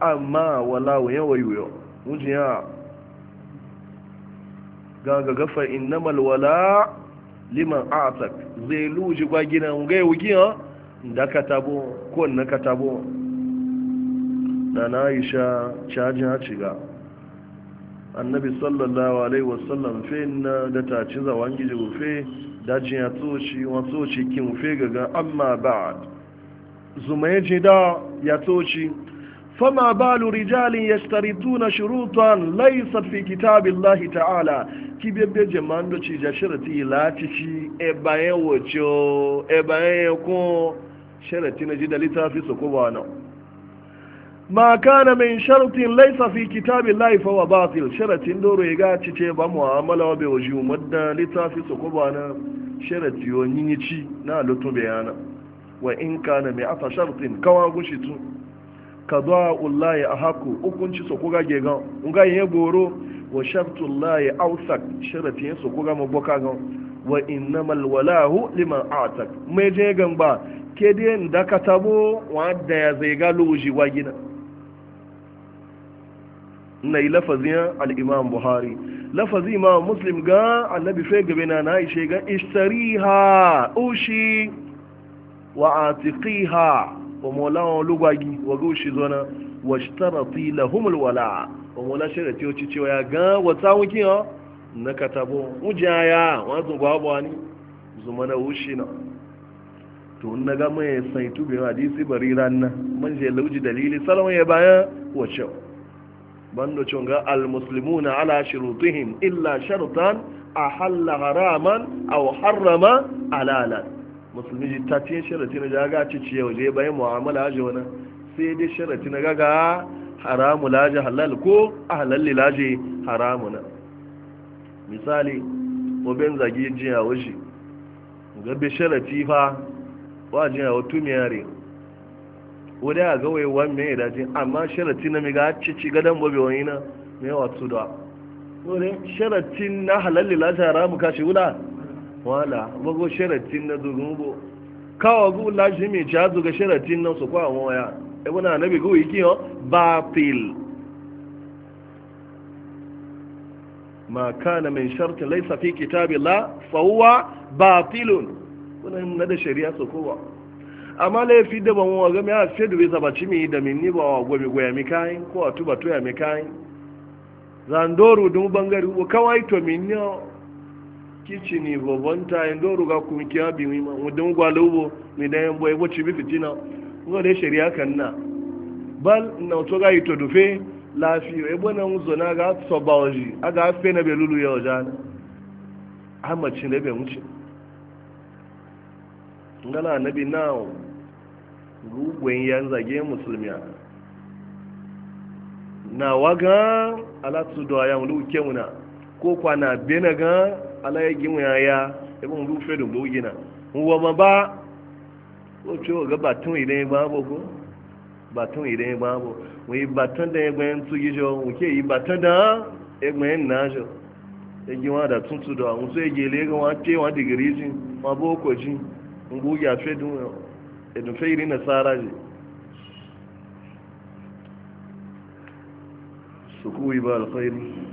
amma walawu yawai yo mujin ya ga gafa innamal wala liman atak zai luji ba gina ga yi wugiya da katabo ko na katabo na na aisha cajin A ciga annabi sallallahu alaihi wasallam fe na da ta ci zawon gije da dajin ya tsoci toci kin rufe gaga amma ba'ad zuma ya da ya toci فما بال رجال يشترطون شروطا ليست في كتاب الله تعالى كيبيبي بيبي جمان دو تشي شرطي لا تشي اباين وچو اباين يكون شرطي نجد لتا لتافي سكوانا ما كان من شرط ليس في كتاب الله فهو باطل شرط دور يغا تشي با بمعامله وبوجو مد لتا لتافي سكوانا شرط يونيتشي نالو تو بيانا وان كان 100 شرط كوا غشتو a haku hukunci su kuga gegan unga yi goro wa shartullahi awsak shirafi su kuga maboka gan wa innamal walahu liman atak mai je gan ba ke dai da ka tabo wadda ya zai ga luji wa gina na yi lafazin al'imam buhari lafazi ma muslim ga annabi fai gabe na na ishe ga ishtariha ushi wa atiqiha wa molawan lugwagi wa واشترطي zona wa shtarati lahumul wala wa mola sharati wacce cewa ya ga wata wuki na katabo na ga mai sai tubi hadisi bari ranna Mun je lauji dalili salon ya baya wacce bando chonga al muslimuna ala shurutihim illa shartan ahalla haraman aw harrama alalan musulmi ji ta cin sharati na jaga ci ciye waje bayan mu'amala aje wani sai dai sharati na gaga haramu laji halal ko a halalli laje haramu na misali obin zagi jiya waje gabe sharati fa wajen yawo tumiyare wani a gawai wani mai ya daji amma sharati na miga ci ci gadon bobe wani na mai wato da wani sharati na halalli laje haramu kashi wula. wala bago sharatin na dogon bo kawo gu lashi mai ci azuga sharatin nan su kwa waya ebe na anabi go iki yo batil ma kana min shartin laysa fi kitabi la fa huwa batilun wannan na da shari'a su kowa amma fi da ban wa game a fedu bai saba cimi da min ni ba wa gobe goya mi kayan ko a tuba toya mi kayan zandoru dun bangare ko kawai to min ne kichin kicini babban tayin doru ga kuma kiya bi ma mudan gwale ubo mai da yan boye wacce bi fitina ngo da shari'a kan na bal na to ga ito dufe lafiyo e bona muzo na ga so baoji aga fe na be lulu ya ojana amma cin da be muci ngala annabi now rugwen yan zage musulmiya na waga alatu do ayan lu kemuna ko na benaga alaye gimu ya ya mu rufe da bugina wa ma ba ko ce ga batun idan ba bo ko batun idan ba bo mu yi batun da egben tu gijo mu ke yi batun da egben na jo egi wa da tuntu da mu so egele ga wa te wa digiri jin ma bo ko jin mu ya fe dun edun fe irin nasara ji sukuwi ba alkhairi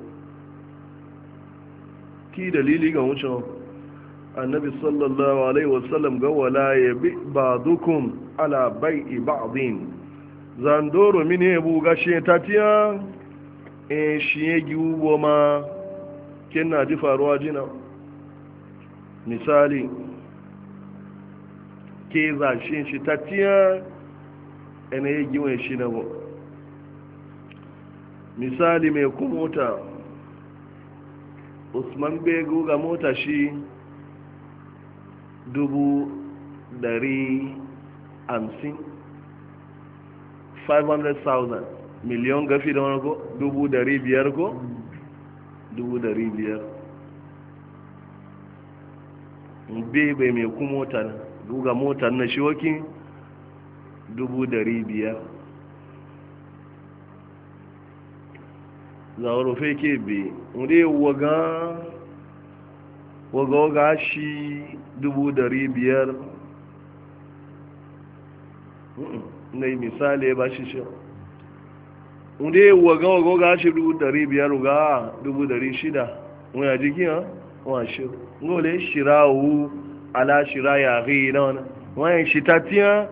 ki dalili ga wucin annabi sallallahu alaihi wasallam ga wala ya bi ba dukun ala bai'i ba'din zandoro mini ebu ga shi tatiya e shi ya gi ma. ma na ji faruwa jina misali ke za shi shi tatiya ene ya gi shi na bu misali mai kumota usman begu ga mota shi dubu dari hamsin 500,000 miliyon gafi da wani ko dubu dari biyar ko dubu dari biyar bebe mai ku mota na mota na shi wakin dubu dari biyar zawaro fe ke be wuri waga waga waga shi dubu dari biyar na yi misali ba shi shi wuri waga waga waga shi dubu dari biyar waga dubu dari shida wani a jiki ha wani shi ngole shira wu ala shira ya ri na wani wani shi tatiya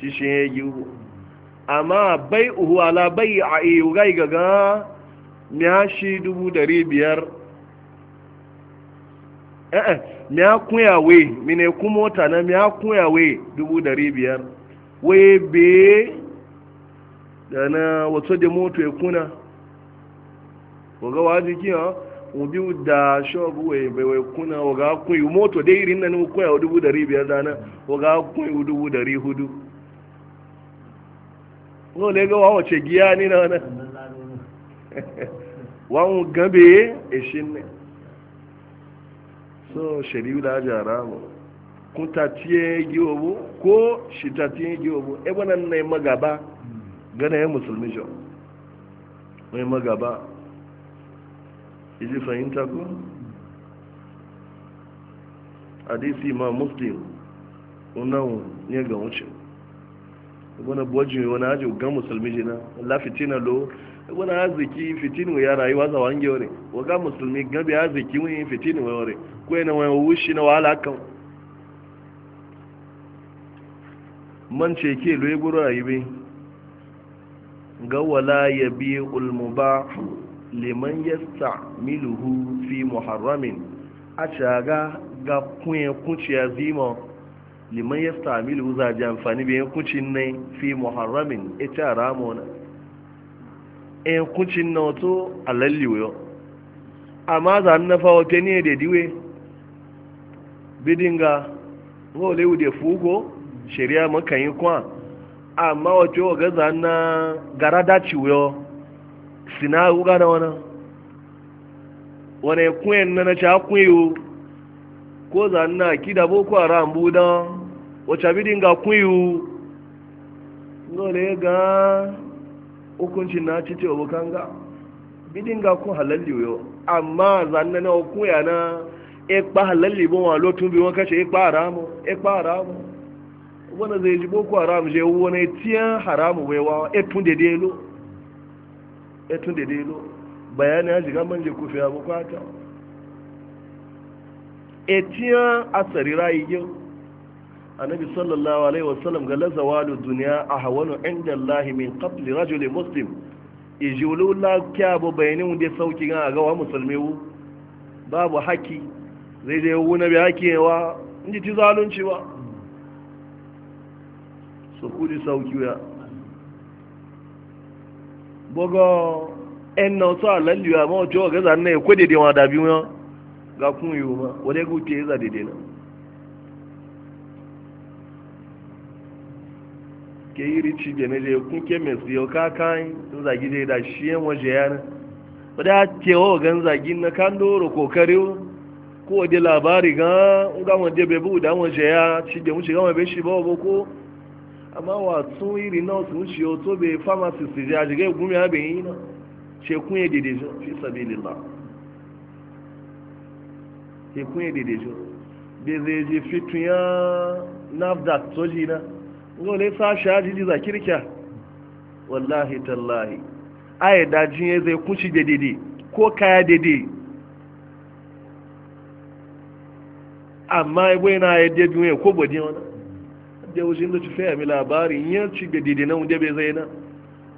shi shi ya yi amma bai uhu ala bai a iya gai gaga miyashi shi dubu dari biyar eh miya kunyawe mine kuma wata na miya we dubu dari biyar waye be da na wato da moto ya kuna waga waji kiyo biyu da shobu waye bai kuna waga kun yi moto dai irin nan koya dubu dari biyar dana waga kun yi dubu dari hudu ga lega wace giya ni na wannan wọn gabe eshin ne so shari'u da jara mu kun tatiye giyobu ko shi tatiye giyobu ebanan na yi magaba gana ya musulmi jo mai magaba iji fahimta ku hadisi ma muslim unan ne ga wuce wani bojin wani aji gan musulmi jina lafitina lo wani arziki fitinu ya rayuwa za wange wani waga musulmi gabi arziki wani fitinu ya wani ko yana wani wushi na wahala kan man ce ke loye guru rayuwa ga wala ya bi ulmuba liman sa miluhu fi muharramin a shaga ga kunye ya zima liman sa miluhu za ji amfani bayan kucin ne fi muharramin ita e ramona e kucin na wato alalliwo amma za na fawa ke ne da diwe bidinga wale wude fugo shari'a makan yi kwa amma wato wa gaza na gara daci wuyo sina wuga na wana wane kuyen na na ca kuyo ko za na kida boko haram budan wacce bidinga kuyo wale ga hukuncin na ci cewa bukan ga bidin ga kun halalli yau amma zanna na hukun ya na ikpa e halalli bon wa lotun bi won kace ikpa e haramu ikpa e haramu wona zai ji boko haramu je wona tiyan haramu we wa etun de de lo etun de lo bayani ya jiga man je kufi abukata etiyan asari rayi yau annabi sallallahu alaihi wasallam ga lazawalu duniya a hawanu inda Allah min qabli rajuli muslim ijulu la kyabo bayanin da sauki ga ga wa musulmi babu haki zai dai wu na bi haki wa inji ti zalunci wa so kudi sauki ya bogo en no to alalliwa mo jo ga zanne ko dede wa da biyo ga kun yi ma wale gute za dede na ke yi rici da na je kun ke mai siyo kakan sun zagi dai da shi yan waje yana ba da ke wa gan zagi na kan doro kokari ko waje labari ga ga waje bai bu da waje ya shi da mun shiga bai shi ba ba ko amma wa tun iri na su mun shiyo to bai pharmacist ya a ga gumi ya bai yi na ce kun ya dede jo fi sabilillah ke kun ya dede jo bai zai je fitun ya nafdak to na ngole sa shaji ji zakirka wallahi tallahi a ai dajin ya zai kunshi dedede ko kaya dede amma ibo yana ya dedu ya ko bodi wani da wajen da ci faya mi labari ya ci dedede na wunde bai zai na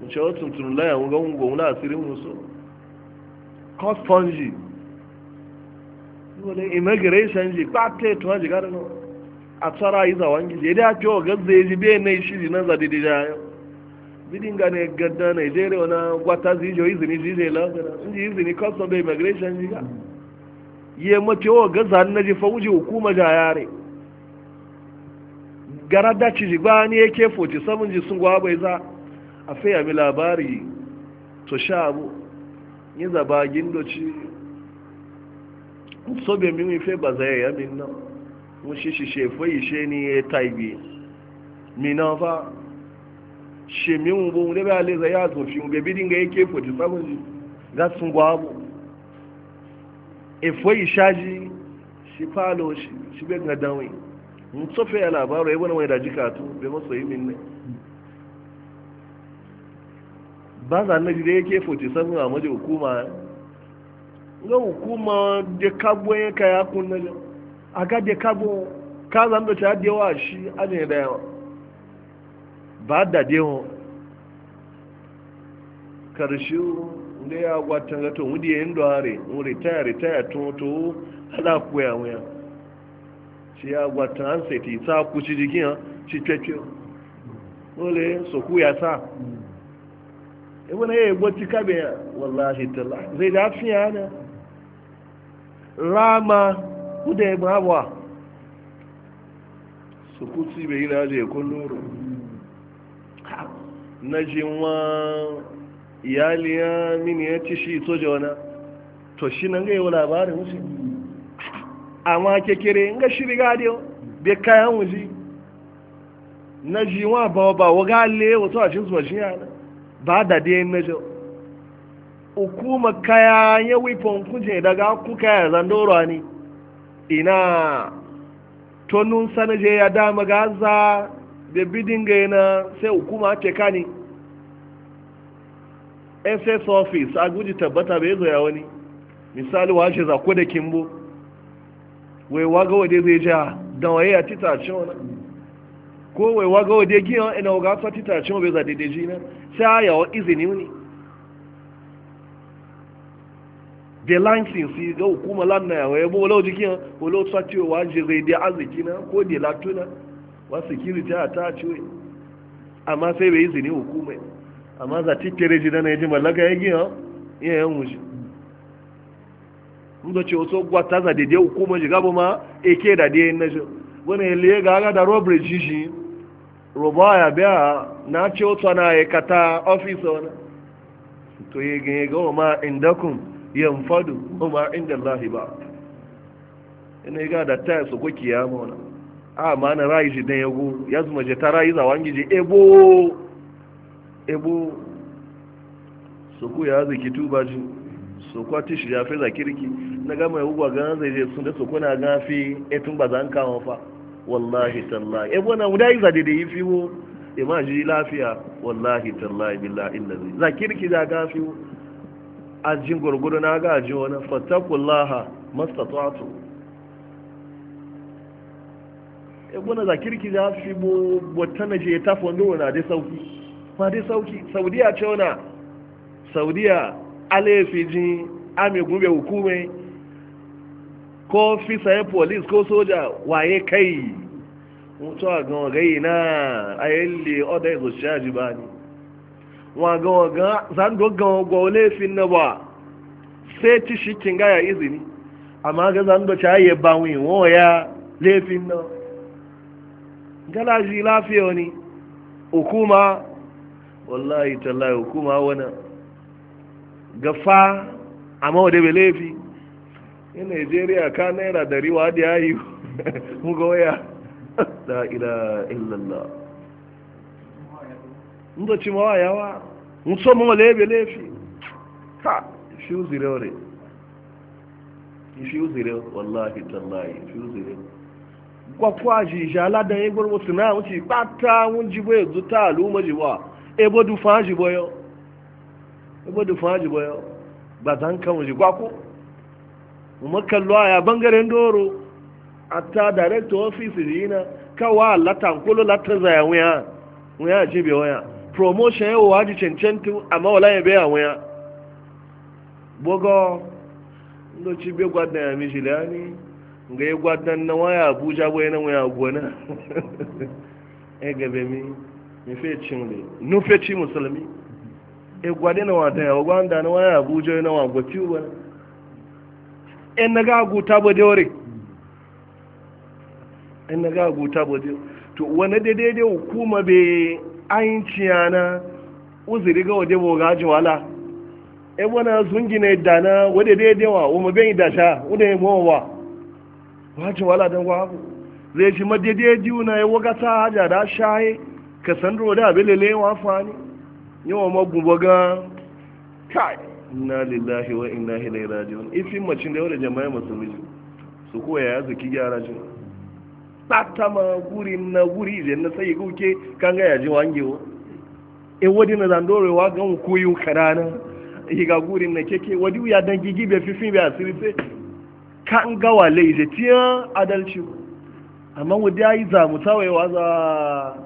mu ce wata tuntun laya wunga wunga wuna asirin musu cost fungi wani immigration ji ba ta yi tuwa ji gara nawa a tsara yi zawon gizi da ce wa gaza ya ji bai na shi na zadi da jayo bidin gane gadda nigeria wani gwata zijo izini zai lagana inji izini custom da immigration ga yi mace wa gaza na ji fauji hukuma yare. gara daci ji gbani ya ke 47 ji sun gwa bai za a mi labari to sha abu yi zaba gindoci sobe bai mimi fe ba zai yamin nan mushi shi shefe ishe ni ya taibi mina fa shemi mu bo ne ba le ya fi mu be bidin ga 47 ga sun gwabo efo shi falo shi shi be ga dawi mun sofe ya labaro ya wani wani da jikatu be maso yi min ne ba za 47 a maje hukuma ga hukuma da kagbo ya kaya kun na a gade kabo ka zan da ta da yawa shi a ne da yawa ba da dewa karshe da ya gwatan ga to wudi yin dore mu retire retire to to ala kuya wuya shi ya gwatan an sai ti sa ku ci jikin ci cece ole so ku ya sa e ibn ya gwati kabe wallahi talla zai da fiya na rama kuda ya mawa su kusi bai yi laje ya kun loro na jinwa iyali ya mini ya ci shi soja wana to shi nan ga yi labarin wuce amma kekere in ga shiri gadiyo bai kayan wuce na jinwa ba ba wa gale wato a cikin zuwa shi yana ba da dai na jau hukuma kaya ya wifon kunce daga kuka ya zandorwa ne ina tonun sanaje ya dama gaza da bidin gaina sai hukuma ce kani ss office a guji tabbata bai zo ya wani misali washe za ko da kimbo wai waga wade zai ja da waye ya tita ce wani ko wai waga wade giyan ina waga fa tita ce bai za daidai jina sai a wa izini ne da lansin ga hukuma lanna ya waye bola jikin bola ta ce wa ji zai da na ko da latuna wa security ta ce amma sai bai izini hukuma amma za titere ji na yaji mallaka ya gina ya yan wuce mun da gwata za hukuma ji gabo ma ake da da yin wani ya ga da robbery ji na na kata to ma yanfadu kuma inda Allahi ba ina ga da ta su ko kiyama wannan a ma na rayi shi dan yago ya zuma je ta ra'iza zawan gije ebo ebo su ku ya zaki tuba ji su ku shi ya fi zakirki na ga mai ugwa ga zai je sun da su kuna gafi etun bazan kawo fa wallahi tallahi ebo na mu dai zade da yi fiwo e ji lafiya wallahi tallahi billahi illazi zakirki da gafiwo ajin gurgudu na ga ajin wani fatakullaha mastatu'atu ebuna za kirki za fi bo botan na je ta fondo na dai sauki ma dai sauki saudiya ce wana saudiya alefi jin ame gube hukume ko fi saye polis ko soja waye kai mutuwa gan gai na ayyalli le is of charge ba ni waga waga zan dogga ga laifin na ba sai ci shi kin izini amma ga zan do chaye ba wi wo ya laifin na galaji lafiya ne hukuma wallahi tallahi hukuma wana gafa amma wade bai laifi in Najeriya ka naira dari wa da yayi mu ga waya la ilaha illallah ndochi mawa yawa musomo wa lebe fi ha shi uzire ore shi uzire wallahi tallahi shi uzire gwakwa ji ji aladan igwar wasu na wuce kpata wun ji ta zuta al'umma ji wa bo du fa ji e bo du fa ji boyo e ba ka kan ji gwako mu makallo a bangaren doro atta director office ji na kawa latan kolo latan zaya wuya wuya ji be waya promotion yau waji cancantu amma wala ya biya waya bogo ndo ci be gwadna ya mi jilani nga yi gwadna na waya abuja boye na waya gona e gabe mi mi fe chinle nu fe ci musulmi e gwade na wata ya gwanda na waya abuja na wa gwati wa en na ga guta bo dore en na ga guta bo to wani daidai hukuma bai ayin ciyana uzuri ga wade boga ji wala e wana zungi ne dana wade dai dewa wo mu ben da sha wade mo wa wa ji wala dan wa abu zai ji madede jiuna ya waga ta haja da shaye ka san ro da belele wa fani yawa magubo ga kai inna lillahi wa inna ilaihi raji'un ifin macin da yau da jama'a musulmi su koya ya zaki gyara shi ɓata ma guri na guri zai na sai guke kan gaya ji wangewa in wadi e na zandore wa e ga un kuyu karana guri na keke wadi ya dan gigi bai fifin bai asiri sai kan gawa wale je tiya adalci amma wadi ya yi zamu tawaye wa za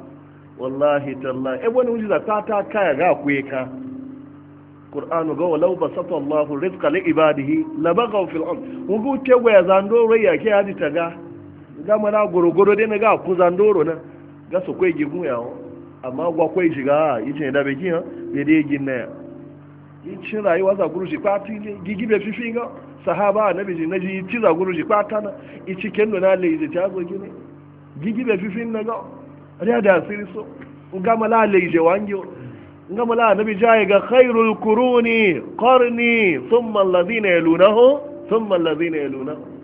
wallahi tallahi e wani wuji za ta ta kaya ga kuye ka qur'anu ga walau basata allah rizqa li ibadihi ga fil ard wugu tegwa ya zando rai yake hadi taga ga mana gorogoro dai na ga kuzan doro na ga su kwai gigun yawo amma gwa kwai shiga ice da beki ha bai dai gin na ya cin rayuwa za guru shi kwati ne gigi bai fifi ga sahaba na biji na ji ci za guru shi kwata na ici do na le ji ta zo gine gigi bai fifi na ga ri da asiri so ga mala le ji wangi ga mala na bi jaye ga khairul quruni qarni thumma alladhina yalunahu thumma alladhina yalunahu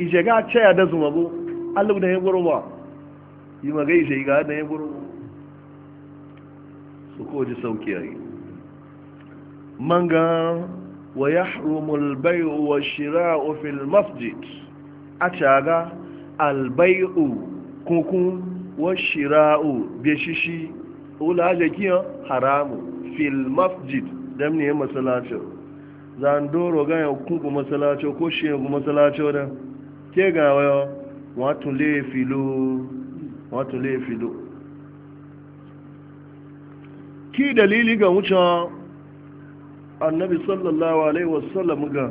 ije ga caya da zuma bu allah da ya guru yi maga ije ga da ya guru su ko ji sauki yayi manga wa ya al-bay'u wa shira'u ofin masjid a caga albai'u bayu kukun wa shira'u bi shishi ula jakiya haramu fil masjid dan ne masallacin zan doro ga yanku masalacin ko shi yanku masalacin da ké gan wọ́n wọ́n tún lé fi ló wọ́n tún lé fi ló kí dalili ga wucin annabi sallallahu alaihi wasallam ga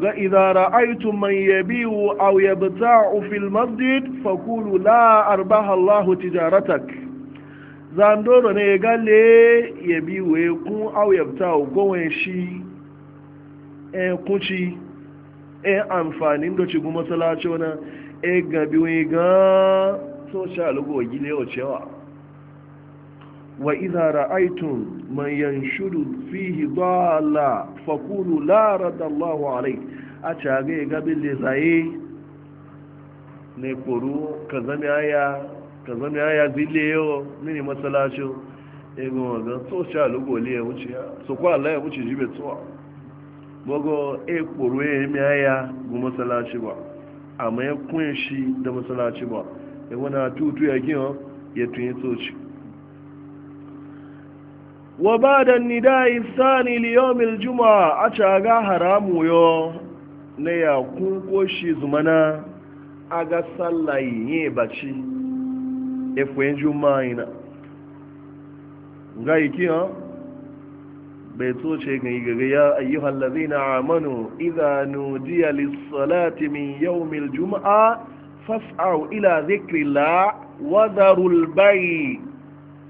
ga idara aitu man yabiu aw yabta'u fil masjid faqulu la arbaha Allah tijaratak zandoro ne galle yabiu e kun aw yabta'u gowon e shi eh shi e amfani da cigu matsalaci wani e gabi wani ga social gogi ne yau cewa wa izara itunes man shudu fihi dala fakulu lara radallahu alai a cage gabin lisaye ne kuru ka zami aya ka zama aya zile yau mini matsalacin egon wajen social gogi ya wuce ya su kwa Allah ya wuce jibe tsowa bago e kporwe miya ya ga masalachi ba ama e e ya kun shi da masalaci ba ya wani tutu ya gina ya tunye soci e wa ba da nidayi sani liyomil juma a caga haramu yo na ya kun shi zumana a ga sallayi ne baci efuyen juma'a ina ga ike ha bai toce gani gaga ya ayyuhan lazina amanu idza nudiya lis min yawmil jum'a fas'au ila dhikrillah wa dharul bay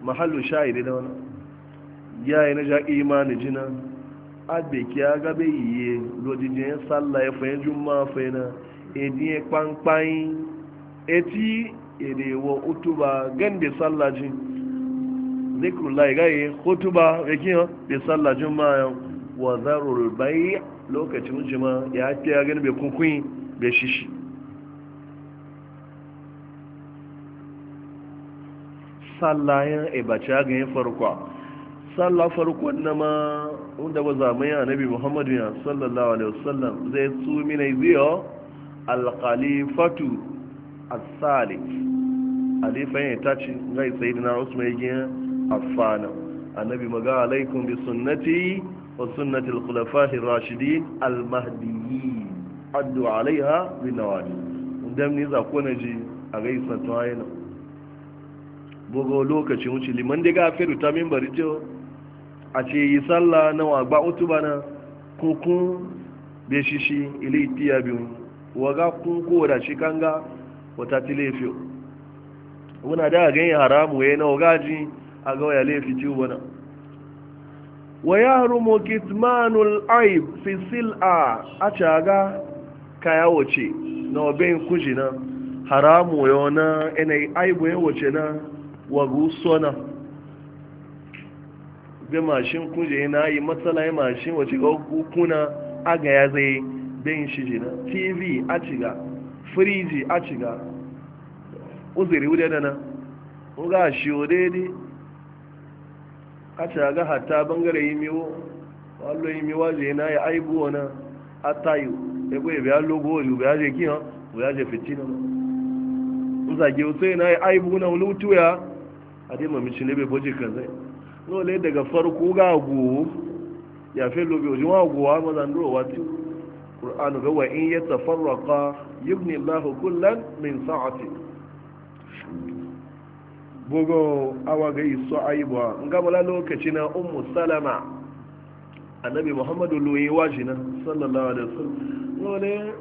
mahallu shahidi da wannan yayi na ja imani jina abe ki aga be yiye lodije salla e fe juma fe edin e panpan eti ede utuba gande sallaji zikrullah gaye ya yake be sallah juma'a wa zarul bay' lokacin juma'a ya ce ya gani be kunkun be shishi sallayen ibace ga yin farko sallah farko na ma wanda ba a nabi muhammadu ya sallallahu alaihi wasallam zai tsumi ne ziyo alkhalifatu as-salih alifan ya tace ga sayyidina usman ya affana annabi maga alaikum bi sunnati wa sunnati al-khulafa'i rashidin al-mahdiyyin addu alaiha bi nawadi dan ne za ko naji a gaisa to ayina bugo lokaci wuce liman da gafiru ta min bari to a ce yi sallah na wa ba utuba na kuku be shishi ile tiya biyu waga ga kuku da shi kanga wata tilefiyo muna da yin haramu ya na wagaji a ga waya laifi ci wani wa ya harumo kitmanul aib fi sil'a a caga ka ya wace na obin kuji na haramu ya wana yanayi aibu ya wace na wa ruso na bi mashin kuje na yi matsala ya mashin wace ga kuna aga ya zai bin shi jina tv a ciga friji a ciga uziri wude da na ga shi o daidai a ga hatta bangare yi miwo wallo yi miwa je na ya aibu wani atayu e ebo ya biya logo yu biya je kiyan ya je fitina in zage wasu na ya aibu na wulutu ya ade dai mamici ne bai boje kan no le daga farko ga go ya fe lo fi lobe wajen wa gowa mazan wa ti qur'an ga wa in yatafarraqa tafarraka yubni allahu kullan min sa'atihi bugo awa ga iso a gamala lokaci na ummu salama annabi muhammadu shi na sallallahu alaihi wasallam wani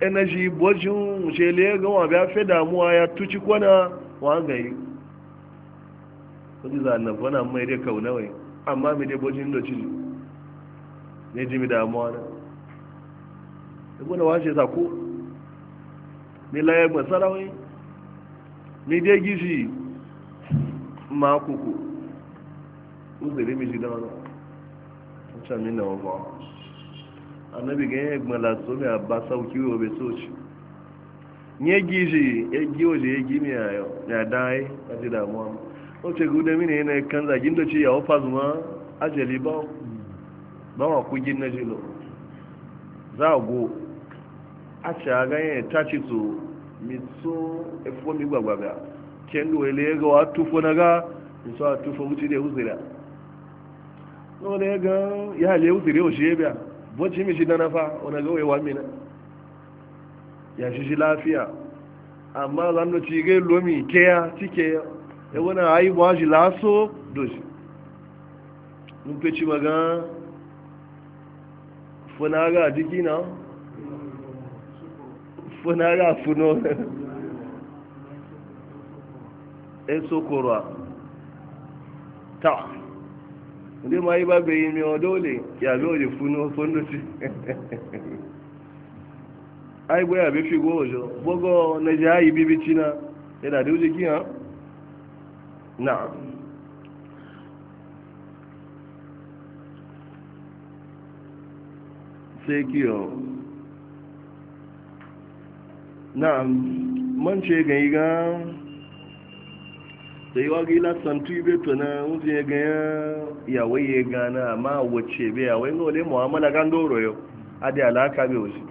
energy bojin shele ga wa biya fe damuwa ya tuci kwana wa gayi kudi za na bana mai dai kauna nawai amma mai dai bojin da ciji ne ji mi damuwa na ibu e na wace sa ko ni laye masara wai ni dai gizi. makuku uzuri miji da wani mutum min da wani annabi ga yin gbala so mai abba sauki wa bai so ci nye gizi ya gi waje ya gimi a yau ya dai a ji damuwa o ce gudu mini yana kan zagin da ce ya wafa zuma ajali ba ba wa kugin na jilo za a go a ce a ganyen mi so efo mi gbagbagba kendo wele ga wa tufo na ga nso a tufo mutu da uzira no le ga ya le uzira o shi biya bo ji mi shi na nafa ona ga wa mina ya shi shi lafiya amma zan no ci ga mi ke ya ke ya wana ai bo ji laso doshi mun pe ci maga funa ga jiki na funa ga funo esokorwa ta ndị ma ịba beghị ime ọdọole ya bịa oje funu oso ndochi anyị gbaa ya bịa figo ojo bogo na ji anyị bibi china ya na dị ojiki ha na o. na man ce ga yi gan sai wagi la santu ibe to na unje ga ya waye gana ma wace be ya waye ngole muamala kan doro yo ade alaka be osi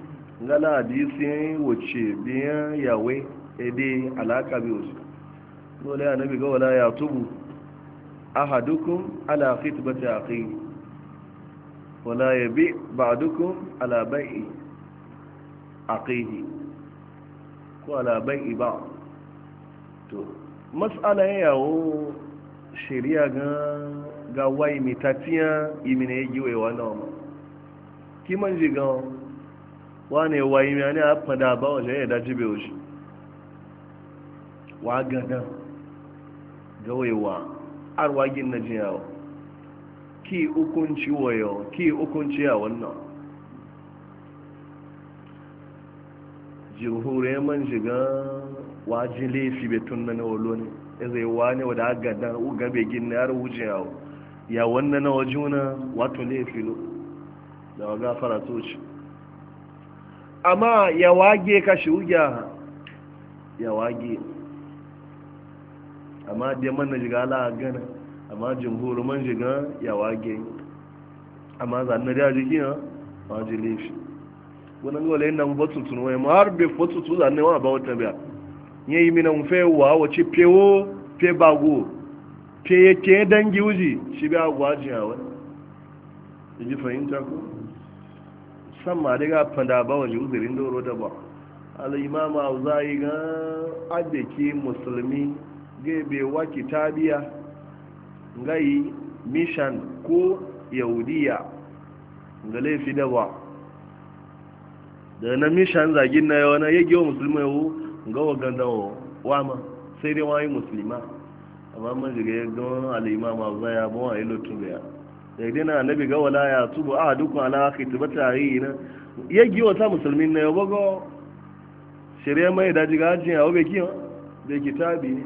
ngala hadisi wace be ya waye ede alaka be osi ngole annabi ga wala ya tubu ahadukum ala khitbati aqi wala yabi ba'dukum ala bai'i aqihi ko ala bai'i ba to matsala yawo shari'a ga ga wai mitatiya imina ya e giwe wannan ma kiman ji ga wane wai mi ne a fada ba e wajen ya daji bai wuce wa gada wa arwagin na ji yawo ki hukunci wayo ki hukunci a wannan jihuriyar man shiga wajin laifi bai tunna na walo ne zai wani wadda aka gada uga bai gina ya wuce yawo ya wanda na waje wuna wato laifi no da waga fara toci amma ya wage ka shi ha, ya wage amma dai man na jiga ala gana amma jimhuru man jiga ya wage amma zan da jiki na wajin laifi wani gole yana mutu tunuwa ya ma har bai fotu zan zanen wa ba wata biya ye yi mina mfe wa wace pewo pe bago pe yake dangi wuji shi bi agwa jiyawa ji fahimta ku san ma daga fada ba wani uzirin doro da ba al'imama zai ga adake musulmi gaibe wa kitabiya gai mishan ko yahudiya ga laifi da ba da na mishan zagin na yawa na yage wa musulmi yawo ga wa ganda sai dai wani musulma amma man jiga ya ga al'imama za ya bawa ya lotun da ya da dai na annabi ga wala ya tubu a duk ala akhi tubata yi na ya gi ta musulmi na ya bago shirya mai da jiga ajin ya obe kiyo da kitabi ne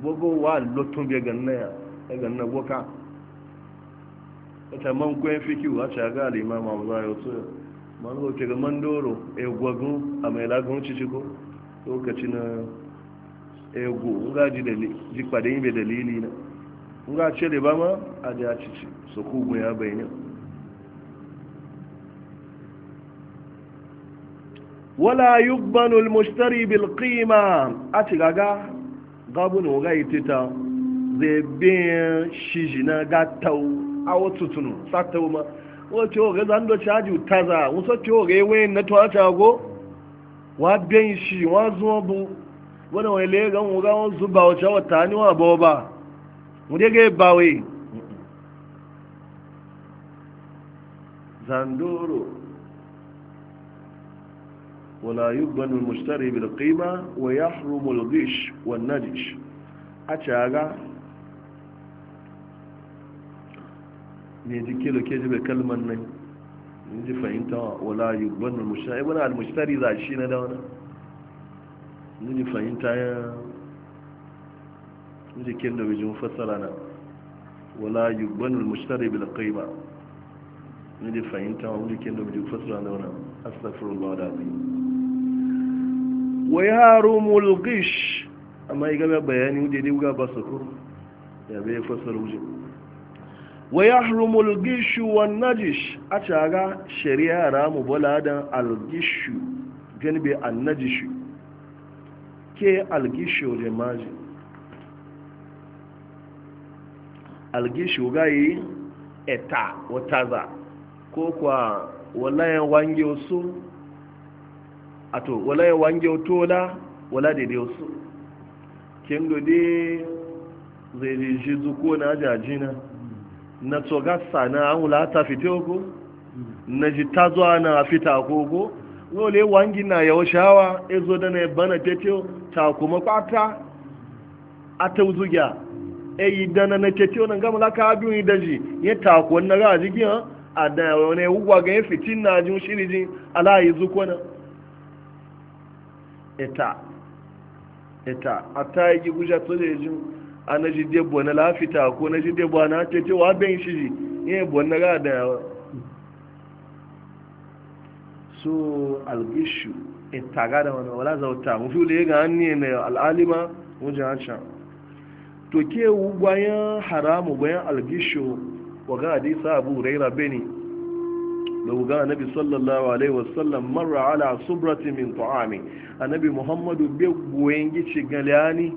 bago wa lotun be ganna ya ganna boka wata man kwen fikiu a shaga al'imama za ya tubu mango kiri mandoro egwagun a mai lagun ciciko lokaci na ego nga ji kpade yin bai dalili na nga da ba ma a da cici su kugun ya bayyana wala yugbanu almushtari bil qima a ci gaga gabun ga iteta zai bin shijina na gatau a wasu tunu wace oga zan do caji taza wasu ce oga yi na tuwa cago wa biyan shi wa zuwa bu wani wani le ga mu ga wọn zuba wace wata ni wa bawa ba mu dai ga ba wai zandoro wala yubbanu al-mushtari bil qima wa yahrumu al-ghish wan najish a caga ne ji kilo ke ji bai kalman nan ne ji fahimta wala yi ban mushtari ibn al-mushtari za shi na da wani ne ji fahimta ya ne ji kin da bijin fassara na wala yi ban mushtari bil qaiba ne ji fahimta wa ne kin da bijin fassara na wani astaghfirullah da bi wa yarumul ghish amma iga bayani wuje dai ga basakuru ya bai fassara wuje wa ya harumul gishu wa najish a caga shari'a ramu baladan algishu ganibe annajishu ke algishu jemaji algishu gayi eta wataza ko kwa walayen wange wasu ato walayen wange otola wala daidai wasu kin gode zai ji zuko na jajina na tsogasa na an ta fite ko na ji ta zuwa na fita ko wale wangi na yau shawa ezo da na bana tete ta kuma kwata a ta zuga e yi dana na tete na gama laka abin yi daji ya ta kuwa na ga jigi a da wani ugwa ga ya fitin na jin shiri jin ala yi zuko na eta eta a ta yi guja to da jin a na ji debo na lafita ko na ji debo na ce ce wa ben shi ji ne bo na ga da yawa so algishu in taga da wani wala zauta mu fi da ga hannu ne al'alima wajen hancan to ke gwayan haramu bayan algishu wa ga hadisa abu raira beni da wuga annabi sallallahu alaihi wasallam marra ala subrati min ta'ami annabi muhammadu bai goyen gici galiani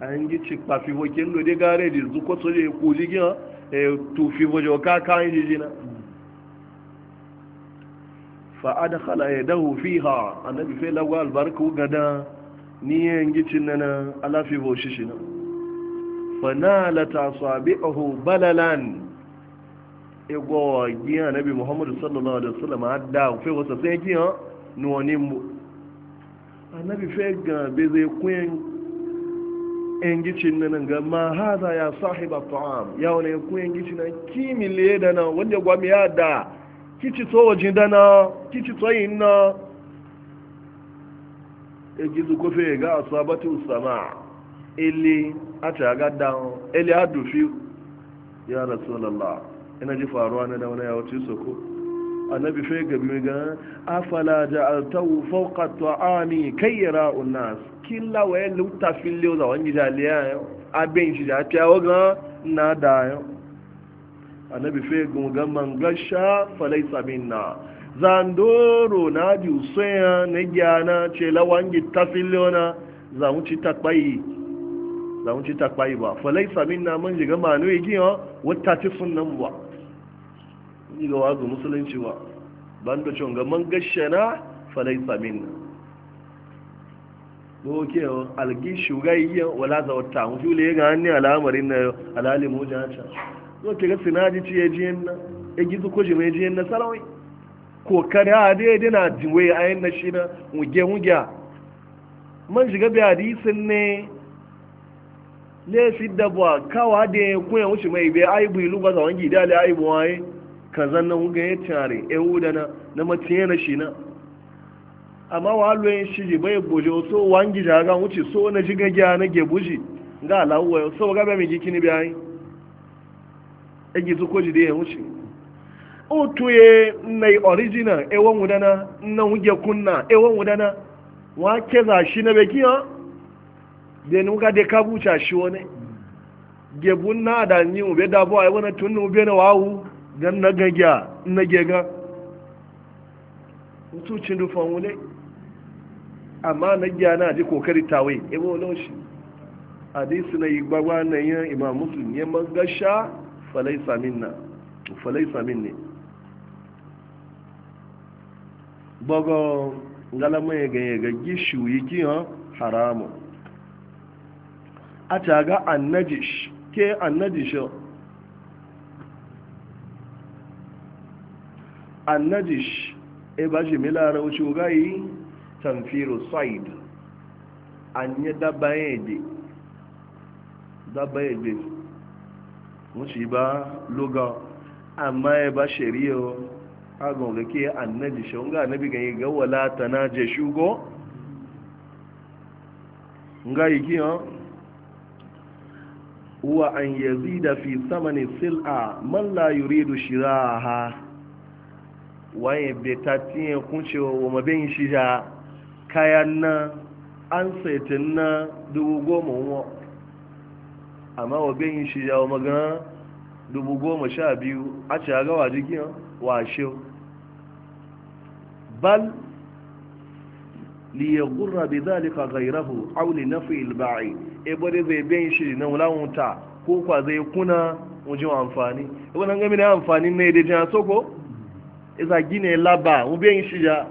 an yi gi cikpa fivo kendo de gare di zuko so de kuli gina e eh, tu fivo jo ka ka yi jina fa adkhala yadahu fiha annabi fe lagwa albarku gada ni yangi cinnana ala fi fivo shishina fa nalata sabihu balalan igwa e giya nabi muhammadu sallallahu alaihi wasallam hadda fe wasa sai giya nuwanin mu annabi fe ga be zai kuyen yangicin nan ga ma haza ya sahiba ta'am ya wani ku yangici nan kimi le da nan wanda gwa mi ya da kici to wajin da na kici to yin na e gizu ko fe ga asabatu sama Ili ata ga da ele fi ya rasulullah ina ji faruwa na da wani ya wuce soko annabi fe gabi ga afala ja'altahu fawqa ta'ami kayyara unnas killa wa yallu tafillu da wani jaliya abin shi da tiyawo ga na da yo annabi fe gun ga mangasha falaysa minna zandoro na ji usoya na gyana ce la wani ta za na takbayi za mu ci takbayi ba falaysa minna mun ji ma nuyi yi giyo wata ci sunnan ba ga wazu musulunci ba ban da cewa gaman gashana falai samin boke algi shugayya wala za wata mu jule ga hannu al'amarin na alali mu jacha zo ke ga sinaji ci yajiyen na e gizu ko mai yajiyen na sarawai ko kare a dai dina jiwe yin na shi na muge muge man shiga bi hadisin ne le fidda ba kawa da kun ya wuce mai bai aibu ilu ba za wangi dale aibu waye kazan na wuga ya tare ewu na na matiye na shi na amma wa alwayin shi ji bai boje so wangi ga wuce so na jiga na ge buji ga alawwa so ga ba mi gikini bi ai e gi zuko ji da ya wuce o tuye nai original ewon wudana na wuge kunna ewon wudana wa ke za shi na beki ha da ni wuga de kabuca shi wani gebun na da ni ube da bo ai tunnu na wawu gan na gagya na gega mutucin dufan wule amma na gya na ji kokari ebe wani loshi hadisi na yi gbagwa na yin imam muslim ya magasha falaisa minna falaisa minne gbogbo ngalama ya ganye ga gishu yi kiyan haramu a ga annajish ke annajishin annajish e ba shi mila rauci gayi tamfiru said an yi dabba yadda dabba yadda ba loga amma ya ba shari'a agon ga ke annajish nga na ga yi gawala ta na je shugo nga yi kiyan wa an yazida fi samani sil'a man la yuridu shiraha waye bai ta tiye kunce wa mabin shi ja kayan na an saitin na dubu goma wa amma wa bin shi ja wa magana dubu goma sha biyu a ce a gawa jikin washe bal liyagurra bi zalika ghayrahu aw li nafi al-ba'i e bari zai bin shi na wulawunta ko kwa zai kuna wajen amfani wannan e gami da amfanin ne da jina soko iza gine laba ubiyan shi ya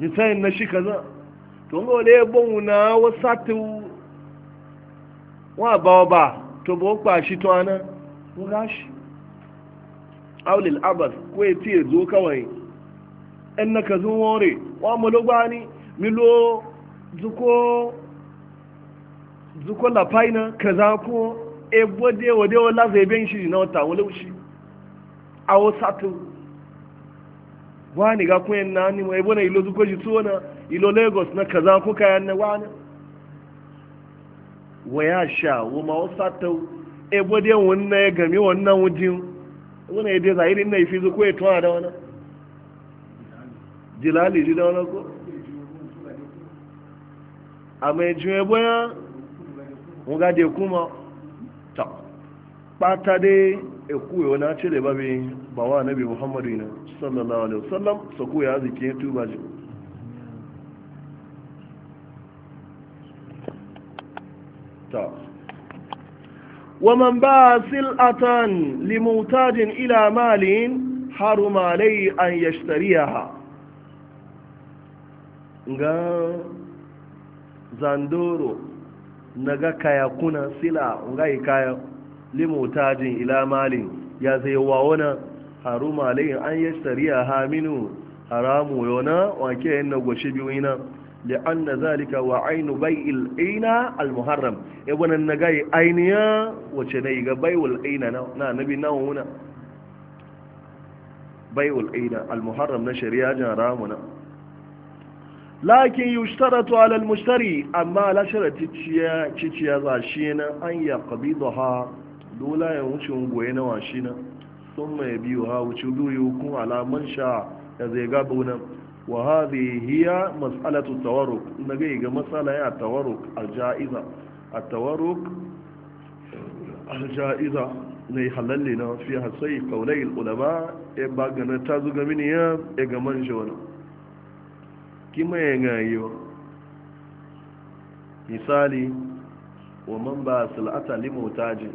misayin na shi kaza to ngo le bon na wasatu wa ba ba to bo kwa shi to ana mu gashi aulil abas ko eti e zo kawai en na kazo wore wa mu logani milo zuko zuko la paina kaza ko e bode wode wala zai ben shi na wata wala shi awo satu wani ga kuyen na ni mai bona ilo zuko ji tuwana ilo lagos na kaza ko kayan na wani waya sha wo ma wasa ta e bode wannan ya gami wannan wujin wannan ya dai zahiri na ifi zuko ya tuwa da wani jilali ji da wani ko a mai juye boya mo ga de kuma ta pata de ekuwe wani a cire babin ba wa nabi muhammadu na sallallahu alaihi wasallam sako ya zike tuba ji ta ومن باع سلعة لموتاج zandoro na ga kayakuna sila nga yi limutajin ila malin ya zai wawona haruma laiyin an yi tsariya haminu haramu yana ke yin na goshe biyoyina da an na zalika wa ainu bai il'ina al-muharram ya e ibanan na gai ainiya wace na yi ga bai wal'ina na nabi nawa wuna bai wal'ina al-muharram na shari'a jan haramu na lakin yi ustara to alal mustari amma lashara ciciya za shi na an ya kabi zuha dola ya wuce goye na washi sun mai biyu ha wuce duyu kun alaman sha ya zai gaba wunan wa hadhi hiya mas'alatu tawarruk naga ga matsala ya tawarruk aljaiza jaiza at-tawarruk na jaiza ne halalle na fi hasai qaulai ulama ya ba gana ta zuga mini ya e ga man jona kima ya gayo misali wa man ba sal'ata limutaji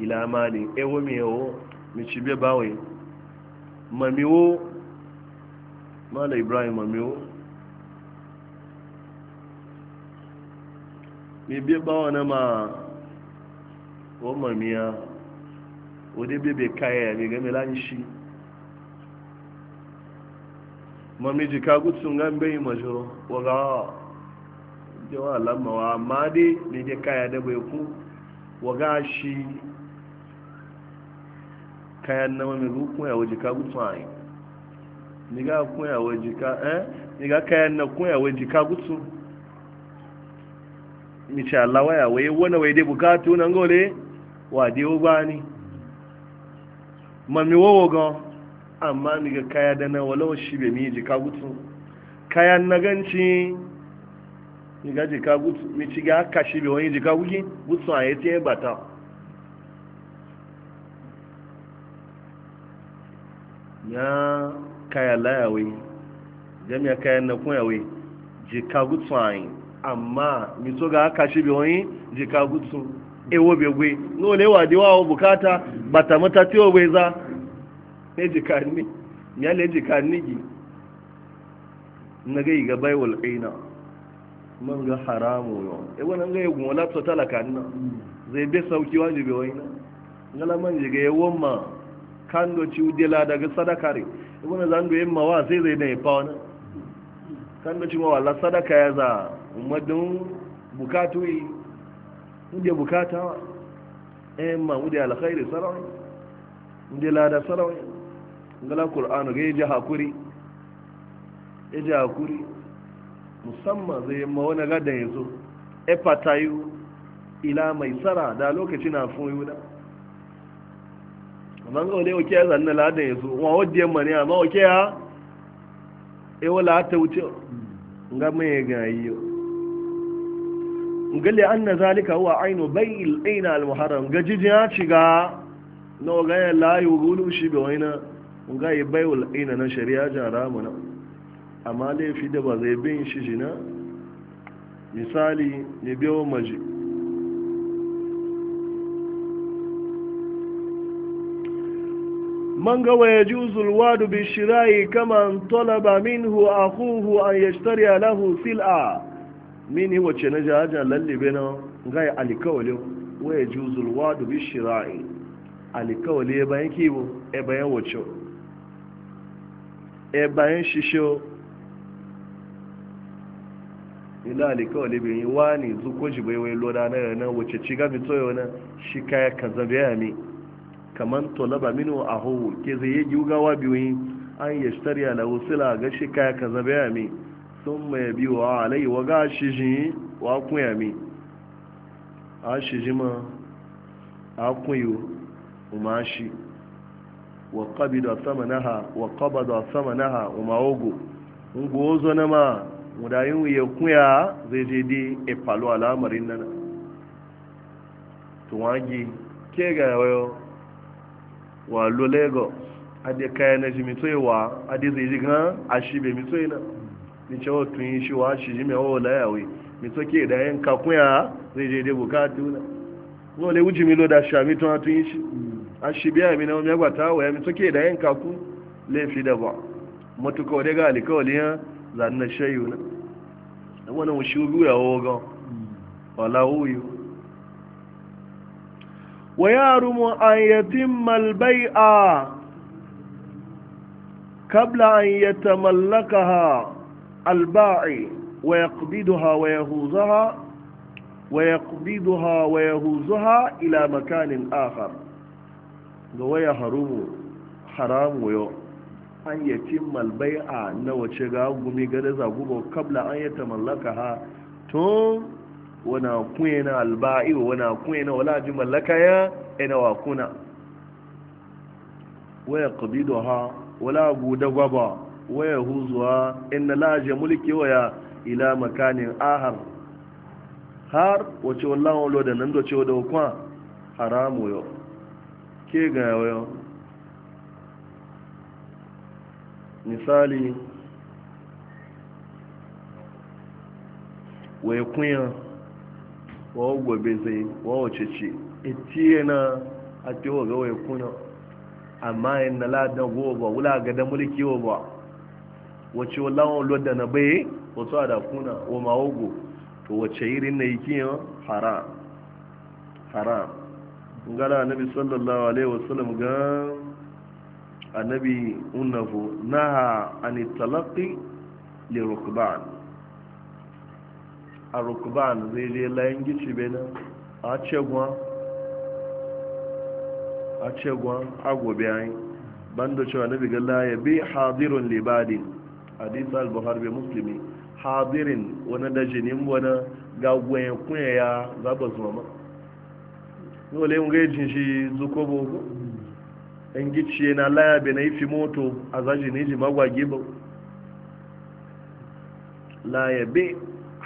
ila mali e wo me yo mici be bawai mamiwo mala ibrahim mamiwo mi be bawa na ma o mamia o de be be kaya ya mi game lan shi mami jika gutsun gan bai majuro waga jawa lamawa wa. dai mi de kaya da bai ku Wa ga shi kayan na wani rukun yawo jika gutsun ayi niga kun yawo jika eh niga kayan na kun yawo jika gutsu mi sha Allah waya waye wani waye dai bukatu na gole wa dai ubani mami amma niga kaya da na walau shi be mi jika gutsu kayan na ganci niga jika gutsu mi ci ga kashi be wani jika gugi gutsun ayi te bata na kaya layawe jami'a kayan na kunyawe jika gutsu ayin amma mito ga aka shi bi wani jika gutsu ewo begwe no le wa diwa wa bukata bata mata ti o beza ne jika ya le jika ni gi na ga iga bai wal qina man ga haramu yo e wannan ga yugo la to talaka ni zai be sauki wajibi wani ngala man jiga yawon ma kando ci udela daga sadaka re ibn zango yin mawa sai zai dai fa wani kando ci mawa la sadaka ya za umadun bukatu yi inda bukata eh ma uje alkhairi sarawi uje lada sarawi ngala qur'anu ga ji hakuri ji hakuri musamman zai yamma wani gadan yazo epatayu ila mai sara da lokaci na fun da. amma ga wani wake ya zanna ladan ya zo wa wadda yamma ne amma wake ya e wala ta wuce ga mai gayi an na zalika wa ainu bai aina al muharram ga jijin shiga Na ga ya layu gulu shi be waina ga yi bai aina na shari'a jan ramuna amma laifi da ba zai bin shi jina misali ne biyo maji manga wa ya juzu alwadu kama talaba minhu akhuhu an yashtari lahu sil'a min huwa chenaja aja lallibe ya juzu alwadu bi shira'i alikawle e na na wacce kaman tolaba minu a hau ke zai yi giwgawa biyu an yi shtariya da wasila ga shi kaya ka zabe ya mi sun mai biyu a alayi wa ga shi shi wa kun ya mi a shi shi ma a kun yi umar shi wa kabi da sama na ha wa kaba da sama na ha umar ogo gozo na ma mudayin ya kuya zai je di e al'amarin nan tuwagi ke ga yawayo wàlú lagos adékayẹ na ṣe mìtò ìwà adéṣe yìí gan aṣíbẹ̀ mìtò ìnà níṣẹ́ ó tún yìí ṣe wá ṣìṣì mẹ́wọ́ láyàwó mìtò kí zai je dé bukatu na wọ́n lè wújì mi ló da ṣàmì tó tún yìí ṣe aṣíbẹ̀ àmì náà mẹ́gbà táwọ̀ yà mìtò kí ìdá yẹn kakún lè fi dàbọ̀ mọ́tukọ̀ dé gàlí zanna na wọ́n náà wọ́n ṣe wúyàwó gan wa yarumu an yatimma al-bai'a kabla an yatamallakaha al-ba'i wa yaqbiduha wa yahuzaha wa yaqbiduha wa yahuzaha ila makanin akhar ga waya harumu haramu yo an malbai'a na wace ga gumi gada zagubo kabla an tun wana kuna alba'i wana kuna wala ji mallaka ya ina wa kuna waya qabiduha wala guda gwaba waya huzuwa inna laje mulki waya ila makanin ahar har wace wallan walo da nan da cewa da kwa haramu yau ke ga misali waya kunya wawo beze wawo cece itiye na a tewa ga wai kuna amma yin na ladan goba wula ga da mulki wa ba wace wallawon lodda na bai wasu a da kuna wa mawogo to wace irin na yi kiyan haram haram gara annabi sallallahu alaihi wasallam ga annabi unnafu naha an talaqi li rukban a rukuban zai je layan gici benin a cegwa a cegwa agobe banda cewa na bigar laye bi hadirin libadi hadis al-buhari bi musulmi hadirin wani dajinin wani gagwayen kunya ya zaba zuwa ma dole mun ga yajin shi zuko boko yan na laya bi na ifi moto a zaji ne ji magwagi ba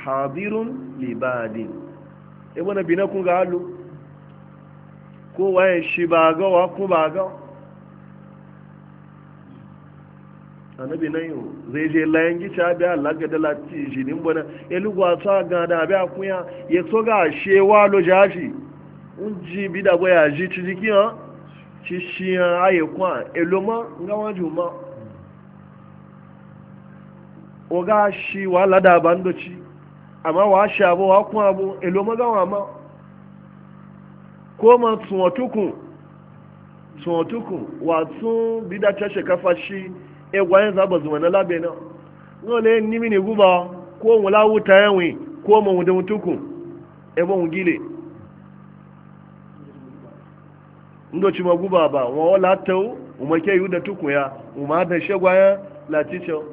hadirun libadin e wani bi na kun ga halu ko waye shi ba ga wa ku ba ga annabi nan yau zai je layan gicha da Allah ga dala ci shi nin bona elugwa sa ga da bi akuya ya so ga wa lo jashi unji bi da ya ji ci jiki ha ci shi aye kwa eloma ngawa juma oga shi wa wala da ci. amma wa shabo wa kun abu elo magawa ma ko ma tun otukun tun otukun wa tun bida ta shekafa shi egwa yin zaba zuma na labe na ngole ni ne guba ko wala wuta yawi ko ma wuda mutukun ebo ngile ndo ci ma guba ba wa wala tawo umake yuda tukun ya umma da shegwa ya laticho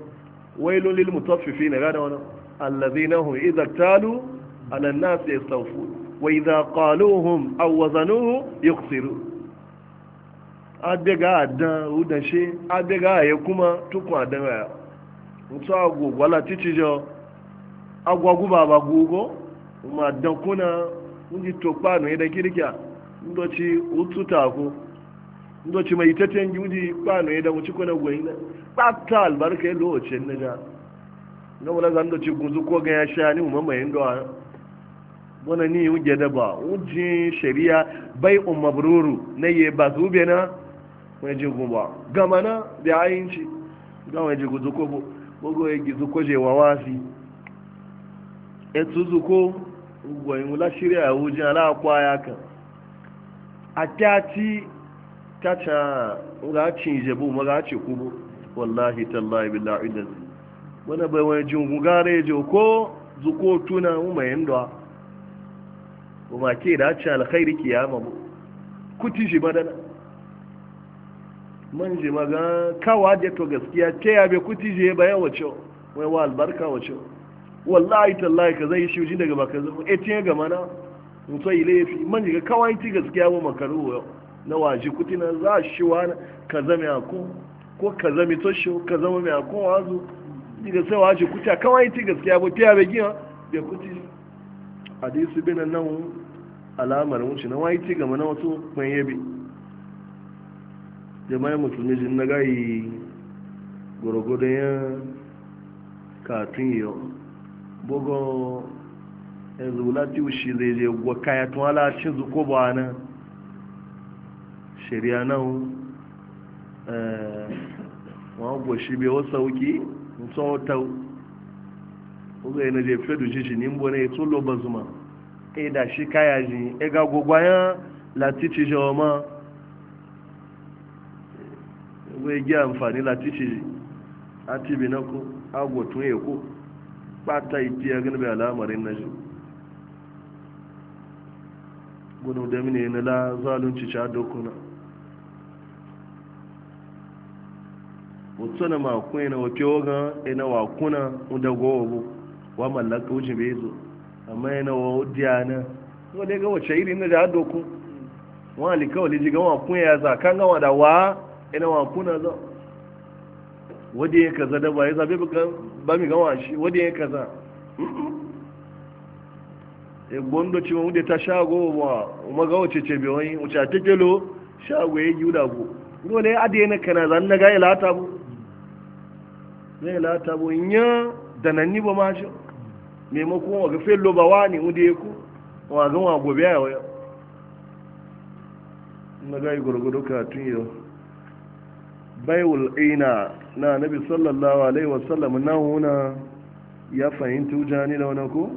wailul lil mutaffifin ga gada wani. allazina hum idza talu ala an-nas yastawfu wa idza qaluhum aw wazanuhu yuqsiru adega adan udan she adega aye kuma tukun adan ya mutu agu wala titijo agwagu baba gugo ma dan kuna unji tokpa no ida kirkiya ndochi ututa ko ndochi mai tatengi unji kpano ida mutu kuna goyina patal barka lo chen na na wala zan doci guzu ko ga ya sha ni umma mai ndo bona ni uje da ba wujin sharia bai ruru na ye ba su bena wani ji gama na da ayinci ga wani ji guzu ko bogo ya gizu ko je wa wasi e tuzu ko gwayin wula shirya uje ala kwaya kan a tati kacha ga cin jebu ma ga ce kubo wallahi tallahi billahi wani bai wani jin gare je ko zuko tuna mu mai ba ma ke da ci alkhairi yama mu kuti shi madana man ji maga kawa da to gaskiya ke ya be kuti shi ba yawa ce wai wa albarka wace wallahi tallahi ka zai shi daga baka zuwa e ya gama na mutu ile fi man shi ga kawai ti gaskiya mu makaru na waje kuti na za shi wa ka zame ko ko ka zame to shi ka zama mai akon wazu da sai waje kuta kawai ti gaskiya ba ta bai giya da kuti hadisi bin nan alamar wuce na wai ti gama na wasu mai yabe jama'a musulmi jin na gayi gwargwadon ya katun yau bugu yanzu wulati wushi zai je tun kaya tun halacin zuko ba na shari'a nan eh, wọn gwashi bai wasu wuki ntsotan oge yana je fedu shishi ni mbo ne tsulo bazuma e da shi kaya ji e ga gogwaya latici jawama oge gi amfani latici ji ati bi na ko agwatun ya e ko bata iti ya gani bai al'amarin na shi gudun da mini na la zalunci cha dokuna otu na ma kwe na oke oga ina e wa kuna da gowo wa mallaka wuce bai zo amma yana e wa diyana wale ga wace iri na da doku wa alika wale ji ga wa kun ya za kan gawa da wa ina e wa kuna za wade ya kaza da ba ya zabe ba mi gawa shi wade ya kaza e gondo ci wunde ta shago wa ma ga wace ce bai wuce a tekelo shago ya yi yuda bu wale ya adiyana kana zan na ga ilata bu ne la tabo nya ni ba maji me mu ko ga fello ba wani ude ku wa ga wa gobe ya waya na ga yi gurgudu ka tun yau baiwul ina na nabi sallallahu alaihi wasallam na huna ya fahimta jani da wani ko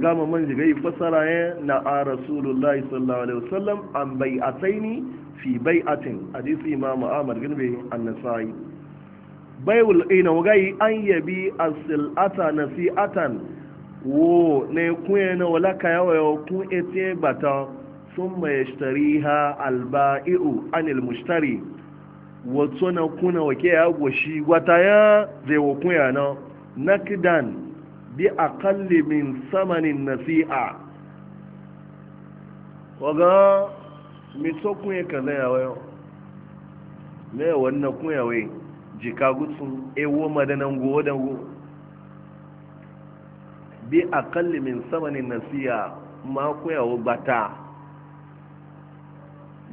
gama man jigai fasara ya na a rasulullahi sallallahu alaihi wasallam an bai a tsaini fi bai'atin hadisi imam Ahmad ginbe an-Nasa'i bai'ul ina wagai an yabi a silata nasi'atan wo ne kuye na wala yau ku ete bata thumma yashtariha ha baiu anil mushtari wato na kuna wake ya goshi wata ya zai wa na nakdan bi a min samanin nasi'a waga miso kunye kaza yawa yau na yawan na kunye wai jika gutsun ewo madanan gowa bi akalli min samanin nasiya ma kunye bata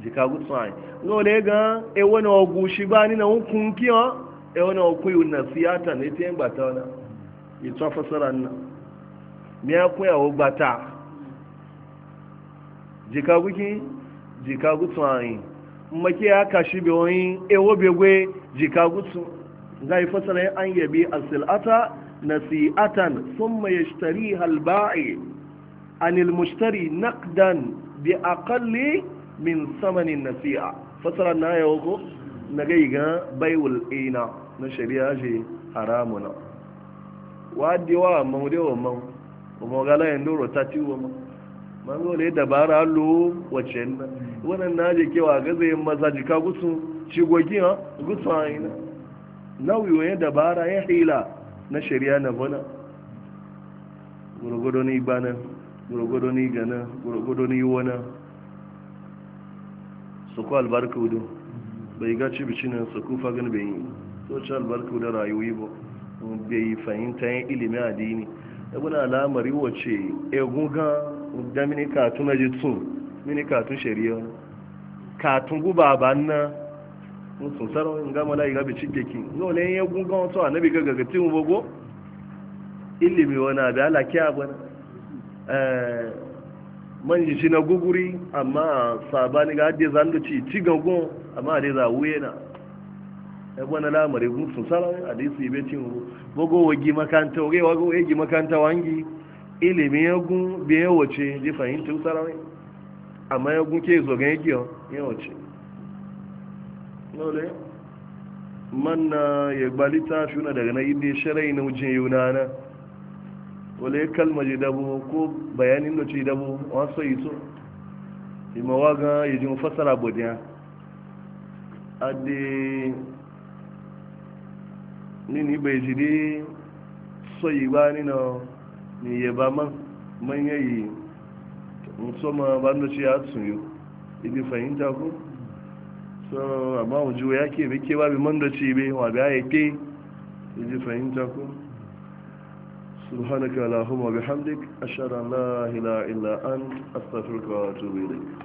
jika gutsun ai no ya ga ewo na ogushi ba ni na hukun kiyo ewo na okuyu nasiya ta ne te bata wana ito fasara na mi akunye wa bata jika gukin jika gutu ayi make ya kashi be wani ewo begwe jika gutsu gai fasara an yabi asilata nasi'atan thumma yashtariha al anil mushtari naqdan bi aqalli min samanin nasi'a fasara na yawo ko na gaiga baiwul ina na shari'a ji haramuna wa diwa maudewa mau gala galayen duro ta ciwo mangole dabara lo wacce na wannan na je kewa ga zai maza jika ci cigogi ha gusu aina wa ya dabara ya hila na shari'a na bana gurgudu ni bana gurgudu ni gana gurgudu ni wana su ku albarka wudu bai ga ci bicinin su ku fagen bai yi so ci albarka wudu rayuwi ba bai fahimta yin ilimin adini alamar alamari wace egungan da mini katun na jitsu mini katun shari'a Katu guba ba na musu sarau in gama layi gabi cikeki yau ne ya gungan wasu a nabi gagaga timu bogo ilimi wani abu ala kiya bana eh, man jici na guguri amma sabani ga hadde zan da ci ci gago, amma a dai za wuye na ya bana lamari gun sun sarau a dai su yi betin bogo wagi makanta wage wago wagi makanta wangi ilimi yagun bai wace, ji fahimtar sarawai amma yagun ke zogon yake yawace lole manna ya gbalita shuna daga na inda shirai na wujin yunana wale kalma ji dabo ko bayanin da ce dabo wasu yi so imawa ga yi jin fasara bodiya adi nini bai jide so yi ba ni na ni ye ba man manya yi musamman banda ce ya sun yi ibi fahimta ku sun amma wuji ya yake bai ke babi man da ce bai wa bai ya ke ibi fahimta ku subhanaka lahumma bihamdik ashara la ilaha illa an astaghfiruka wa atubu ilayk